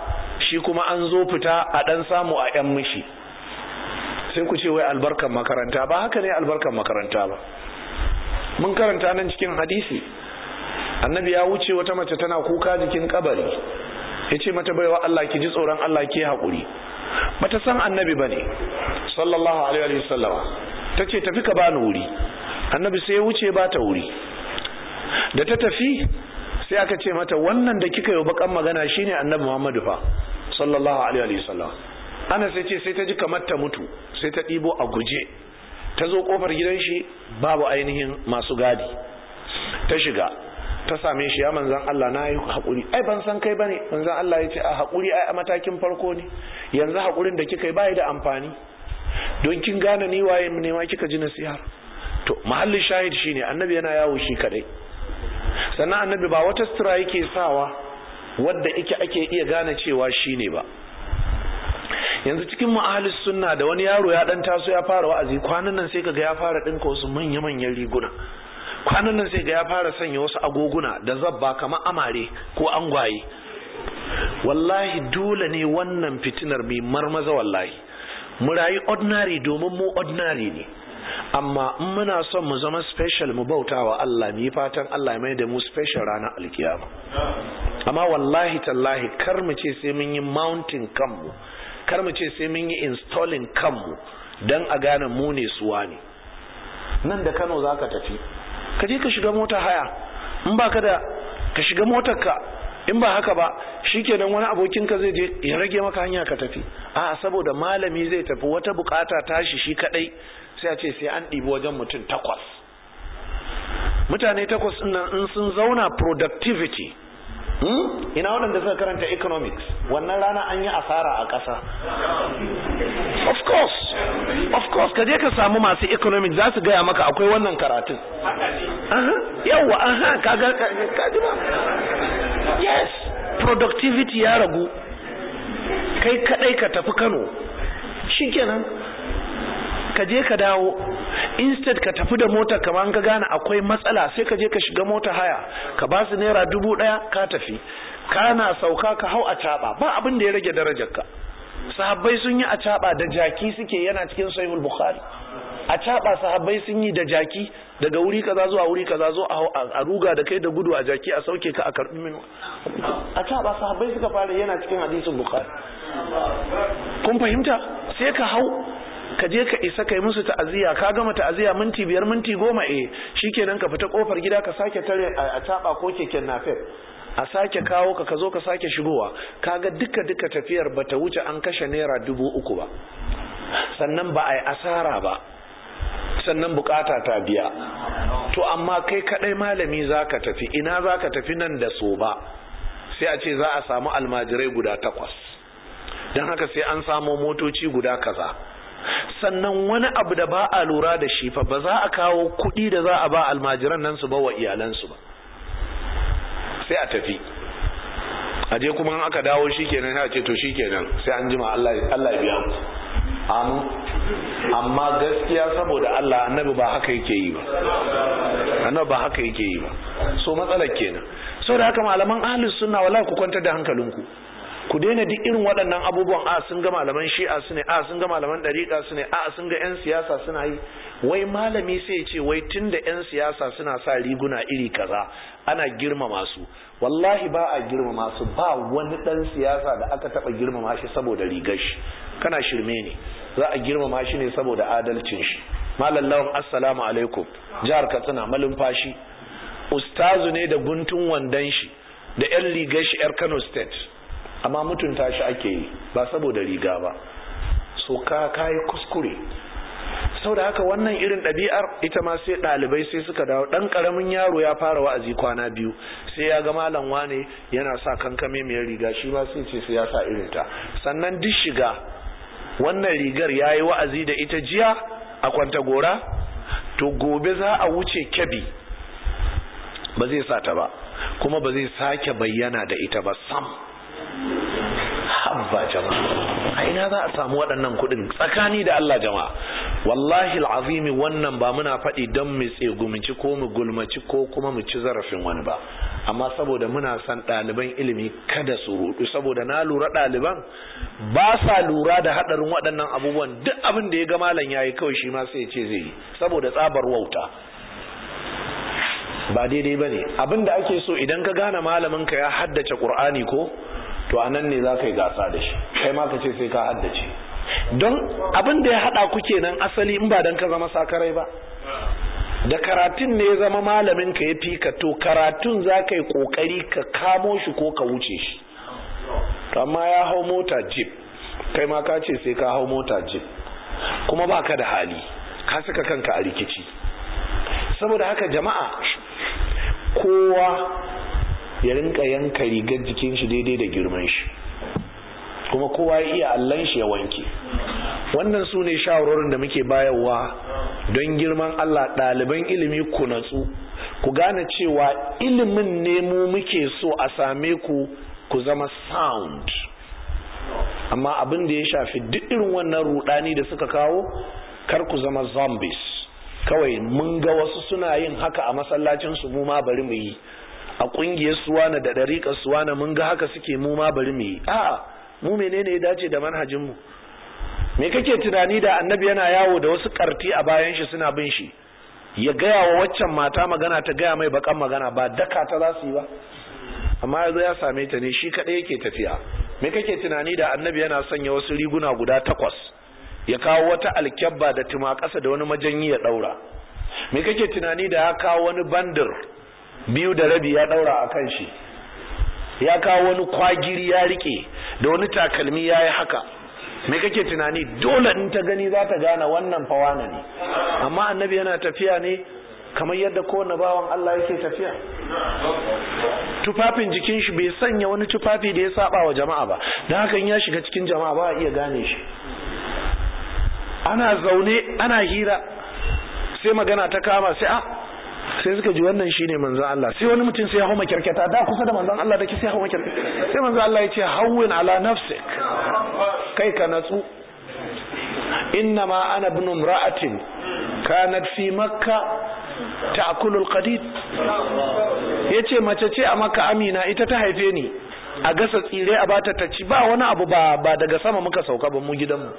shi kuma an zo fita a dan samu a yan mishi sai ku ce wai albarkan makaranta ba haka ne albarkan makaranta ba mun karanta nan cikin hadisi annabi ya wuce wata mace tana kuka jikin kabari ya ce mata baiwa Allah ki ji tsoron Allah ki haƙuri bata san annabi ba ne. sallallahu alaihi wa sallama ta ce tafi ka bani wuri annabi sai ya wuce ba ta wuri da ta tafi sai aka ce mata wannan da kika yi bakan magana shine annabi Muhammadu fa sallallahu alaihi wa sallama ana sai ce sai ta ji kamar ta mutu sai ta ɗibo a guje ta zo kofar gidan shi babu ainihin masu gadi ta shiga ta same shi ya manzan Allah na yi haƙuri ai ban san kai bane manzan Allah ya ce a haƙuri ai a matakin farko ne yanzu haƙurin da kika yi bai da amfani don kin gane ni waye ne ma kika ji nasiha to muhallin shahid shine annabi yana yawo shi kadai sannan annabi ba wata sutura yake sawa wadda yake ake iya gane cewa shine ba yanzu cikin mu'alis sunna da wani yaro ya dan taso ya fara wa'azi kwanan nan sai kaga ya fara dinka wasu manya-manyan riguna kwanan nan sai ga ya fara sanya wasu agoguna da zabba kamar amare ko angwaye wallahi dole ne wannan fitinar mai marmaza wallahi mu rayu ordinary domin mu ordinary ne amma in muna son mu zama special mu bautawa Allah mu yi fatan Allah mai da mu special rana alkiyama amma wallahi tallahi kar mu ce sai mun yi mountain kanmu kar mu ce sai mun yi installing kanmu dan a gane mu ne suwa ne nan da Kano zaka tafi ka je ka shiga mota haya in ba ka da ka shiga motar ka in ba haka ba shi shikenan wani abokin ka zai je ya rage maka hanya ka tafi a saboda malami zai tafi wata bukata tashi shi kadai sai a ce sai an ɗibi wajen mutum takwas mutane takwas nan in sun zauna productivity Hmm? ina waɗanda suka karanta economics wannan rana an yi asara a ƙasa of course of course ka je ka samu masu economics za su gaya maka akwai wannan karatun yawwa aha kaga kaji ba yes productivity ya ragu kai kadai ka tafi kano shikenan ka je ka dawo instead ka tafi da mota kamar ka gane akwai matsala sai ka je ka shiga mota haya ka ba su naira dubu daya ka tafi kana sauka ka hau a caɓa ba abin da ya rage darajarka sahabbai sun yi a caɓa da jaki suke yana cikin sahihul bukhari a caɓa sahabbai sun yi da jaki daga wuri kaza zuwa wuri kaza zo a ruga da kai da gudu a jaki a sauke ka a karbi min a taba sahabbai suka fara yana cikin hadisin bukhari kun fahimta sai ka hau ka je ka isa kai musu ta'aziyya ka gama ta'aziyya minti biyar minti goma eh shikenan ka fita kofar gida ka sake tare a taba ko keken nafef a sake kawo ka ka zo ka sake shigowa kaga duka duka tafiyar bata wuce an kashe naira dubu uku ba sannan ba a yi asara ba sannan bukata ta biya to amma kai kadai malami za ka tafi ina za ka tafi nan da so ba sai a ce za a samu almajirai guda takwas don haka sai an samo motoci guda kaza sannan wani abu da ba a lura da shi fa ba za a kawo kuɗi da za a ba almajiran nan su ba wa iyalansu ba sai a tafi a je kuma aka dawo shikenan ya ce to shikenan sai an jima Allah Allah biya mu amma gaskiya saboda Allah annabi ba haka yake yi ba annabi ba haka yake yi ba so matsalar kenan saboda da haka malaman ahlus sunna wallahi ku kwantar da hankalinku ku daina duk irin waɗannan abubuwan a sun ga malaman shi'a su ne a sun ga malaman ɗariƙa su ne a sun ga 'yan siyasa suna yi wai malami sai ce wai tun da 'yan siyasa suna sa riguna iri kaza ana girmama su wallahi ba a girmama su ba wani ɗan siyasa da aka taɓa girmama shi saboda rigar shi kana shirme ne za a girmama shi ne saboda adalcin shi Lawan assalamu alaikum jihar katsina malumfashi ustazu ne da guntun wandon shi da 'yan rigar shi 'yar kano state amma mutunta shi ake yi ba saboda riga ba so ka kayi kuskure saboda haka wannan irin ɗabi'ar ita ma sai ɗalibai sai suka dawo ɗan ƙaramin yaro ya fara wa'azi kwana biyu sai ya ga malam wane yana sa kankame mai riga shi ma sai ce sai ya sa irin ta sannan duk shiga wannan rigar ya yi wa'azi da ita jiya a kwanta gora to gobe za a wuce kyabi ba zai sa ta ba kuma ba zai sake bayyana da ita ba sam haba jama'a a ina za a samu waɗannan kuɗin tsakani da Allah jama'a wallahi al'azimi wannan ba muna faɗi don mu tsegumici ko mu gulmaci ko kuma mu ci zarafin wani ba amma saboda muna san ɗaliban ilimi kada su rudu saboda na lura ɗaliban ba sa lura da haɗarin waɗannan abubuwan duk abin da ya ga malam ya yi kawai shi ma sai ya ce zai yi saboda tsabar wauta ba daidai ba ne abin da ake so idan ka gane malamin ka ya haddace ƙur'ani ko to a nan ne za ka yi gasa da shi kai ma ka ce sai ka haddace don abin da ya haɗa ku kenan asali in ba don ka zama sakarai ba da karatun ne ya zama malamin ka ya fi ka to karatun za ka yi ƙoƙari ka kamo shi ko ka wuce shi amma ya hau mota jeep kai ma ka ce sai ka hau mota jeep kuma ba ka da hali ka saka kanka a rikici saboda haka jama'a kowa ya rinka yanka rigar jikin shi daidai da girman shi kuma kowa ya iya allon shi ya wanke wannan su ne shawarorin da muke bayarwa don girman Allah ɗaliban ilimi ku natsu ku gane cewa ilimin ne mu muke so a same ku ku zama sound amma abin da ya shafi duk irin wannan rudani da suka kawo kar ku zama zombies kawai mun ga wasu suna yin haka a masallacin su mu ma bari mu yi a kungiyar suwana da dariƙar suwana mun ga haka suke mu ma bari mu yi a'a mu menene ya dace da manhajin mu me kake tunani da annabi yana yawo da wasu karti a bayan shi suna bin shi ya gaya wa waccan mata magana ta gaya mai bakan magana ba daka ta za su yi ba amma yanzu ya same ta ne shi kaɗai yake tafiya me kake tunani da annabi yana sanya wasu riguna guda takwas ya kawo wata alkyabba da tuma ƙasa da wani majanyi ya ɗaura me kake tunani da ya kawo wani bandir biyu da rabi ya daura a kan shi ya kawo wani kwagiri ya rike da wani takalmi ya yi haka mai kake tunani dole in ta gani za ta gane wannan fawana ne amma annabi yana tafiya ne kamar yadda kowane bawan Allah yake tafiya tufafin jikin shi bai sanya wani tufafi da ya saba wa jama'a ba don hakan ya shiga cikin jama'a ba a iya gane shi ana zaune ana hira sai magana ta kama sai a ah, sai suka ji wannan shine manzon Allah sai wani mutum sai ya hauma kirkata da kusa da manzon Allah da ke sai hauma kirkata sai manzon Allah ya ce hawwin ala nafsik kai ka natsu inna ma ana ibn imra'atin kanat fi makka ta'kulu al-qadid yace mace ce a makka amina ita ta haife ni a gasa tsire a bata ta ci ba wani abu ba ba daga sama muka sauka ba mu gidanmu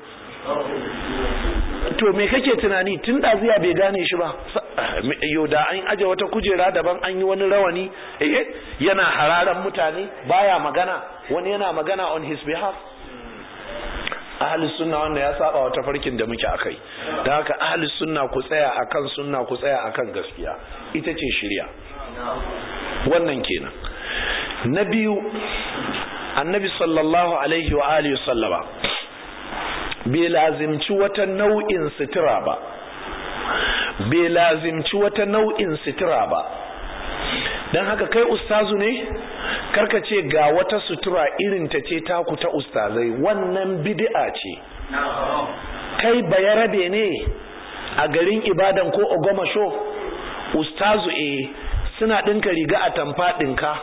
to me kake tunani tun ɗaziya bai gane shi ba yau da an aje wata kujera daban an yi wani rawani eh yana hararan mutane baya magana wani yana magana on his behalf ahli sunna wanda ya saba wata farkin da muke akai da haka ahli sunna ku tsaya akan sunna ku tsaya akan gaskiya ita ce shirya wannan kenan na biyu annabi sallallahu alaihi wa alihi sallama bai lazimci wata nau'in sitira ba bai lazimci wata nau'in sitira ba don haka kai ustazu ne karka ce ga wata sutura irin ta ce taku ta ustazai wannan bid'a ce kai bayarabe ne a garin ibadan ko a ogomasho ustazu e suna ɗinka riga a tamfa ɗinka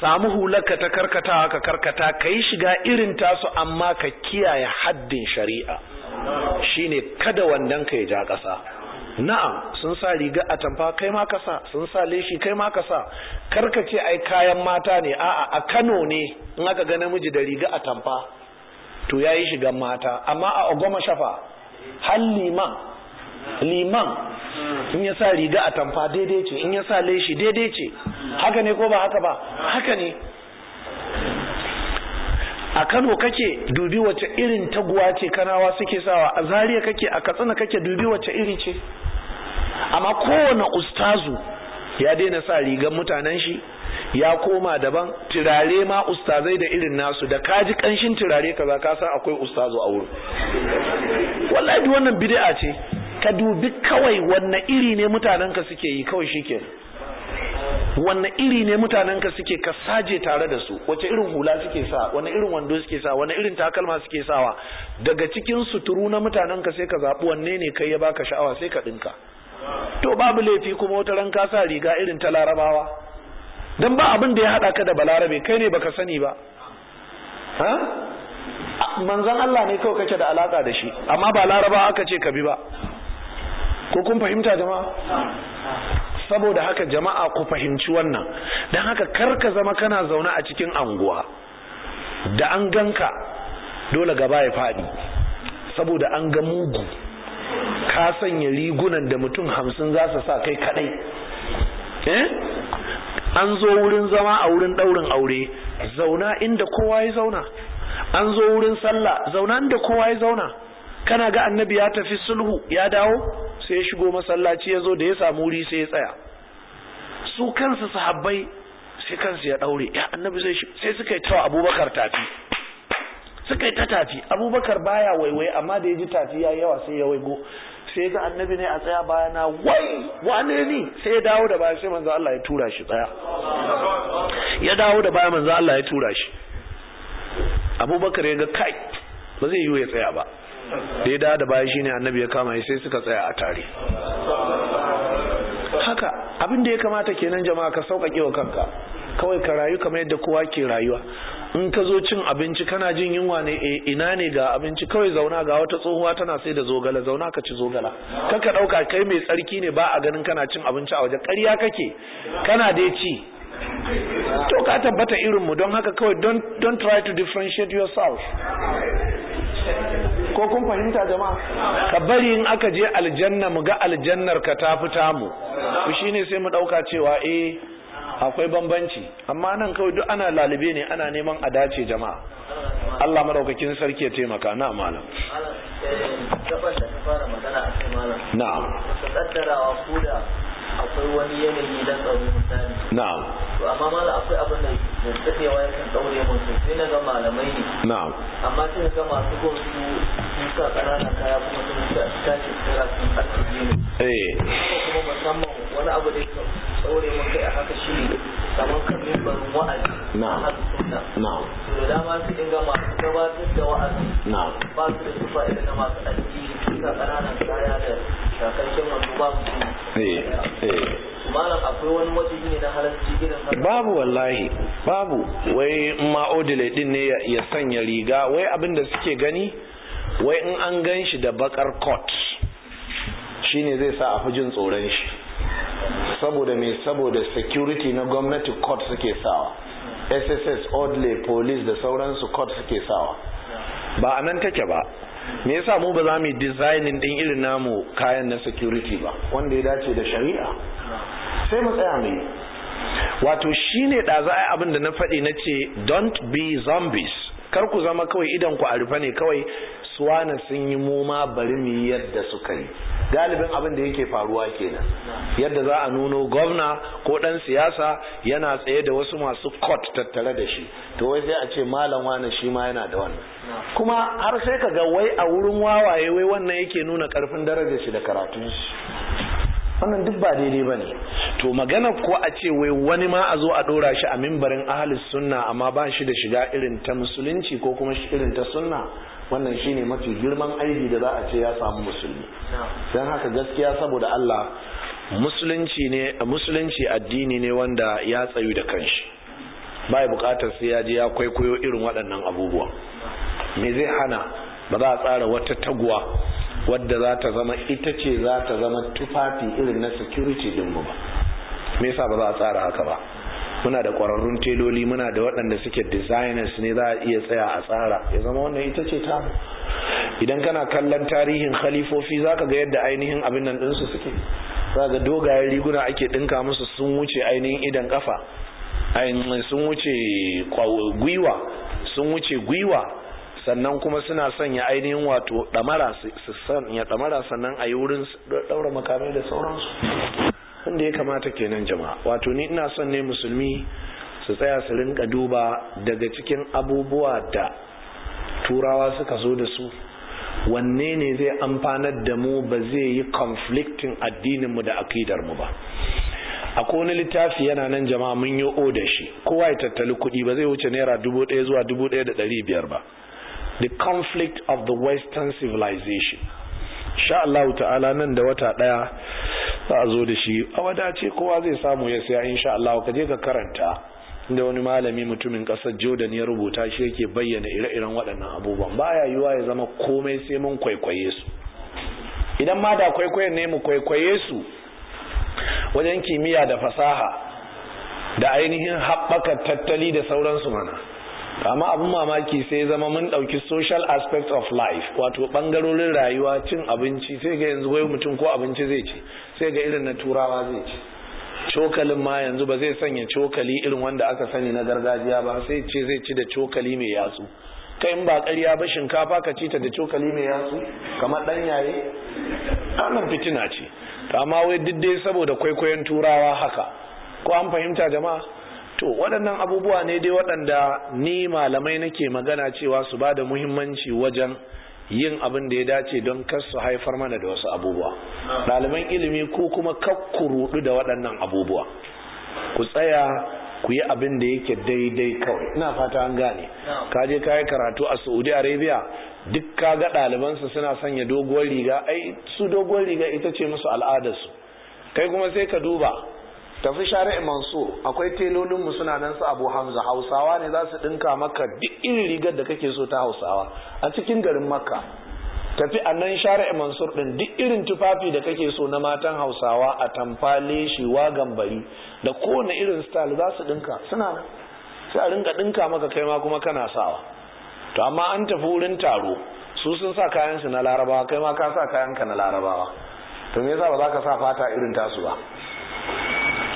samu hularka ta karkatawa ka karkata ka yi shiga irin tasu amma ka kiyaye haddin shari'a Shi ne kada wannan ka ya ja ƙasa na'am sun sa riga a tamfa kai ma kasa sun sa leshi kai ma kasa karkace ai kayan mata ne a'a a Kano ne in aka ga namiji da riga a tamfa to ya yi shigan mata amma a Ogoma Shafa har liman liman in ya sa riga a tamfa daidai ce in ya sa leshi daidai ce haka ne ko ba haka ba haka ne a kano kake dubi wace irin taguwa ce kanawa suke sawa a zariya kake a katsina kake dubi wace iri ce amma kowane ustazu ya daina sa rigar mutanen shi ya koma daban turare ma ustazai da irin nasu da kaji kanshin turare kaza ka san akwai ustazu a wurin wallahi wannan bid'a ce ka dubi kawai wanne iri ne mutanenka suke yi kawai shike wanne iri ne mutanenka suke ka saje tare da su wace irin hula suke sa wanne irin wando suke sa wanne irin takalma suke sawa daga cikin suturu na mutanenka sai ka zaɓi wanne ne kai ya baka sha'awa sai ka ɗinka to babu laifi kuma wata ran ka sa riga irin ta larabawa dan ba abin da ya haɗa ka da balarabe kai ne baka sani ba ha manzon Allah ne kawai kake da alaka da shi amma ba laraba aka ce ka bi ba ko kun fahimta jama'a saboda haka jama'a ku fahimci wannan don haka karka zama kana zaune a cikin anguwa da an ganka dole gaba ya faɗi saboda an ga mugu ka sanya rigunan da mutum hamsin za su sa kai kadai eh an zo wurin zama a wurin ɗaurin aure zauna inda kowa ya zauna an zo wurin sallah zauna inda kowa ya zauna kana ga annabi ya tafi sulhu ya dawo sai ya shigo masallaci ya zo da ya samu wuri sai ya tsaya su kansu sahabbai sai kansu ya daure ya annabi zai sai suka yi tawa abubakar tafi suka yi ta tafi abubakar baya waiwai amma da ya ji tafi ya yawa sai ya waigo sai ga annabi ne a tsaya bayana wai wane ne sai ya dawo da baya sai manzo Allah ya tura shi tsaya ya dawo da baya manzo Allah ya tura shi abubakar ya ga kai ba zai yi ya tsaya ba da ya da da baya shine annabi ya kama sai suka tsaya a tare haka abin da ya kamata kenan jama'a ka sauƙaƙe wa kanka kawai ka rayu kamar yadda kowa ke rayuwa in ka zo cin abinci kana jin yunwa ne eh, ina ne ga abinci kawai zauna ga wata tsohuwa tana sai da zogala zauna ka ci zogala kanka ɗauka kai mai tsarki ne ba a ganin kana cin abinci a waje ƙarya kake kana dai ci to ka tabbata irinmu don haka kawai don try to differentiate yourself ko kun fahimta jama'a ka bari in aka je aljanna mu ga aljannar ka ta fita mu ku shine sai mu dauka cewa e, akwai bambanci amma nan kawai duk ana lalube ne ana neman a dace jama'a Allah madaukakin sarki ya taimaka na malam na'am na'am to amma da akwai abin da daɗewa yakan ɗaure mun sai na ga malamai ne na'am amma sai ga masu gun su sun sa ƙananan kaya kuma sun sa tashi kira sun arziki ne eh kuma musamman wani abu da ya ɗaure mun kai a haka shi ne kamar kan mimbarin wa'azi na'am na'am to da dama su dinga masu gabatar da wa'azi na'am ba su da sufa irin na masu addini su ka ƙananan kaya da shakakken wando ba su eh eh malam akwai babu wallahi babu wai ma odile din ne ya sanya riga wai abin da suke gani wai in an gan shi da bakar Shi shine zai sa a fi jin tsoron shi saboda mai saboda security na gwamnati court suke sawa sss odile police da sauransu court suke sawa ba a nan take ba me yasa mu ba za mu yi designing din irin namu kayan na security ba wanda ya dace da shari'a sai mu tsaya mai wato shine da za a abin da na faɗi na ce don't be zombies kar ku zama kawai idan ku a rufe ne kawai suwana sun yi muma bari mu yi yadda suka yi galibin abin da yake faruwa kenan yadda za a nuno gwamna ko ɗan siyasa yana tsaye da wasu masu court tattare da shi to wai sai a ce malam wani shi ma yana da wannan kuma har sai ka ga wai a wurin wawaye wai wannan yake nuna karfin darajar shi da karatun shi wannan duk ba daidai ba ne to magana ko a ce wai wani ma a zo a ɗora shi a mimbarin ahalis sunna amma ba shi da shiga irin ta musulunci ko kuma irin ta sunna wannan shi ne mafi girman aiki da za a ce ya samu musulmi don haka gaskiya saboda Allah musulunci ne musulunci addini ne wanda ya tsayu da kanshi Ba bai bukatar sai ya je ya kwaikwayo irin waɗannan abubuwa me zai hana ba za a tsara wata taguwa wadda za ta zama ita ce za ta zama tufafi irin na security din mu ba me yasa ba za a tsara haka ba muna da kwararrun teloli muna da waɗanda suke designers ne za a iya tsaya a tsara ya zama wannan ita ce ta idan kana kallon tarihin khalifofi ka ga yadda ainihin abin nan ɗinsu suke za ga dogayen riguna ake ɗinka musu sun wuce ainihin idan kafa sun wuce gwiwa sun wuce gwiwa sannan kuma suna sanya ainihin wato ɗamara su sanya damara sannan a yi wurin daura makamai da sauransu inda ya kamata kenan jama'a wato ni ina son ne musulmi su tsaya su rinka duba daga cikin abubuwa da turawa suka zo da su wanne ne zai amfanar da mu ba zai yi conflicting addininmu da akidarmu ba a kone littafi yana nan jama'a mun yi o da shi kowa ya tattali kuɗi ba zai wuce naira dubu ɗaya zuwa dubu ɗaya da ɗari biyar ba the conflict of the western civilization sha Allah ta'ala nan da wata daya za a zo da shi a wadace kowa zai samu ya saya insha Allah ka je ka karanta inda wani malami mutumin kasar Jordan ya rubuta shi yake bayyana ire-iren waɗannan abubuwan baya yiwa ya zama komai sai mun kwaikwaye su idan ma da kwaikwayen ne mu kwaikwaye su wajen kimiyya da fasaha da ainihin haɓaka tattali da sauransu mana amma abin mamaki sai zama mun ɗauki social aspect of life wato bangarorin rayuwa cin abinci sai ga yanzu wai mutum ko abinci zai ci sai ga irin na turawa zai ci cokalin ma yanzu ba zai sanya cokali irin wanda aka sani na gargajiya ba sai ce zai ci da cokali mai yatsu kai in ba ƙarya ba shinkafa ka ci ta da cokali mai yatsu kamar ɗan yaye wannan fitina ce amma wai duk dai saboda kwaikwayon turawa haka ko an fahimta jama'a to waɗannan abubuwa ne dai waɗanda ni malamai nake magana cewa su ba da muhimmanci wajen yin abin da ya dace don kar su haifar mana da wasu abubuwa ɗaliban ilimi ko kuma kakku rudu da waɗannan abubuwa ku tsaya ku yi abin da yake daidai kawai ina fata an gane ka je ka yi karatu a saudi arabia duk ka ga ɗalibansu suna sanya doguwar riga ai su doguwar riga ita ce musu al'adarsu kai kuma sai ka duba tafi share mansur akwai telolin mu suna nan su abu hamza hausawa ne za su dinka maka duk irin rigar da kake so ta hausawa a cikin garin makka tafi a nan shari'a mansur din duk irin tufafi da kake so na matan hausawa a tamfale shi wa gambari da kowane irin style za su dinka suna nan sai a rinka dinka maka kai ma kuma kana sawa to amma an tafi wurin taro su sun sa kayan su na larabawa kai ma ka sa kayan ka na larabawa to me yasa ba za ka sa fata irin tasu ba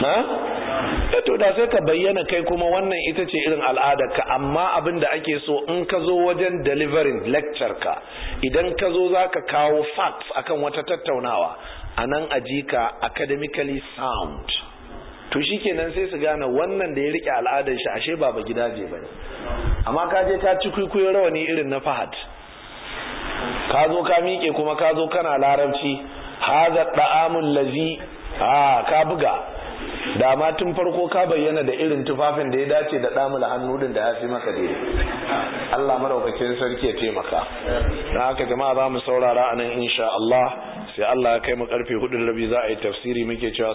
ha eh to da sai ka bayyana kai kuma wannan ita ce irin al'adar ka amma abin da ake so in ka zo wajen delivering lecture ka idan ka zo za ka kawo facts akan wata tattaunawa a nan ajika academically sound to shi shikenan sai su gane wannan da ya rike al'adar shi ashe baba ba ne amma ka je ka ci kwaikwayo rawani irin na fahad ka zo ka miƙe kuma ka zo kana larabci haza da'amun lazi a ah, ka buga da ma tun farko ka bayyana da irin tufafin da ya dace da damula hannu da ya fi maka daidai Allah madaukakin sarki ya taimaka na haka jama'a za mu saurara a nan insha Allah sai Allah ya kai mu karfe hudun rabi za a yi tafsiri muke cewa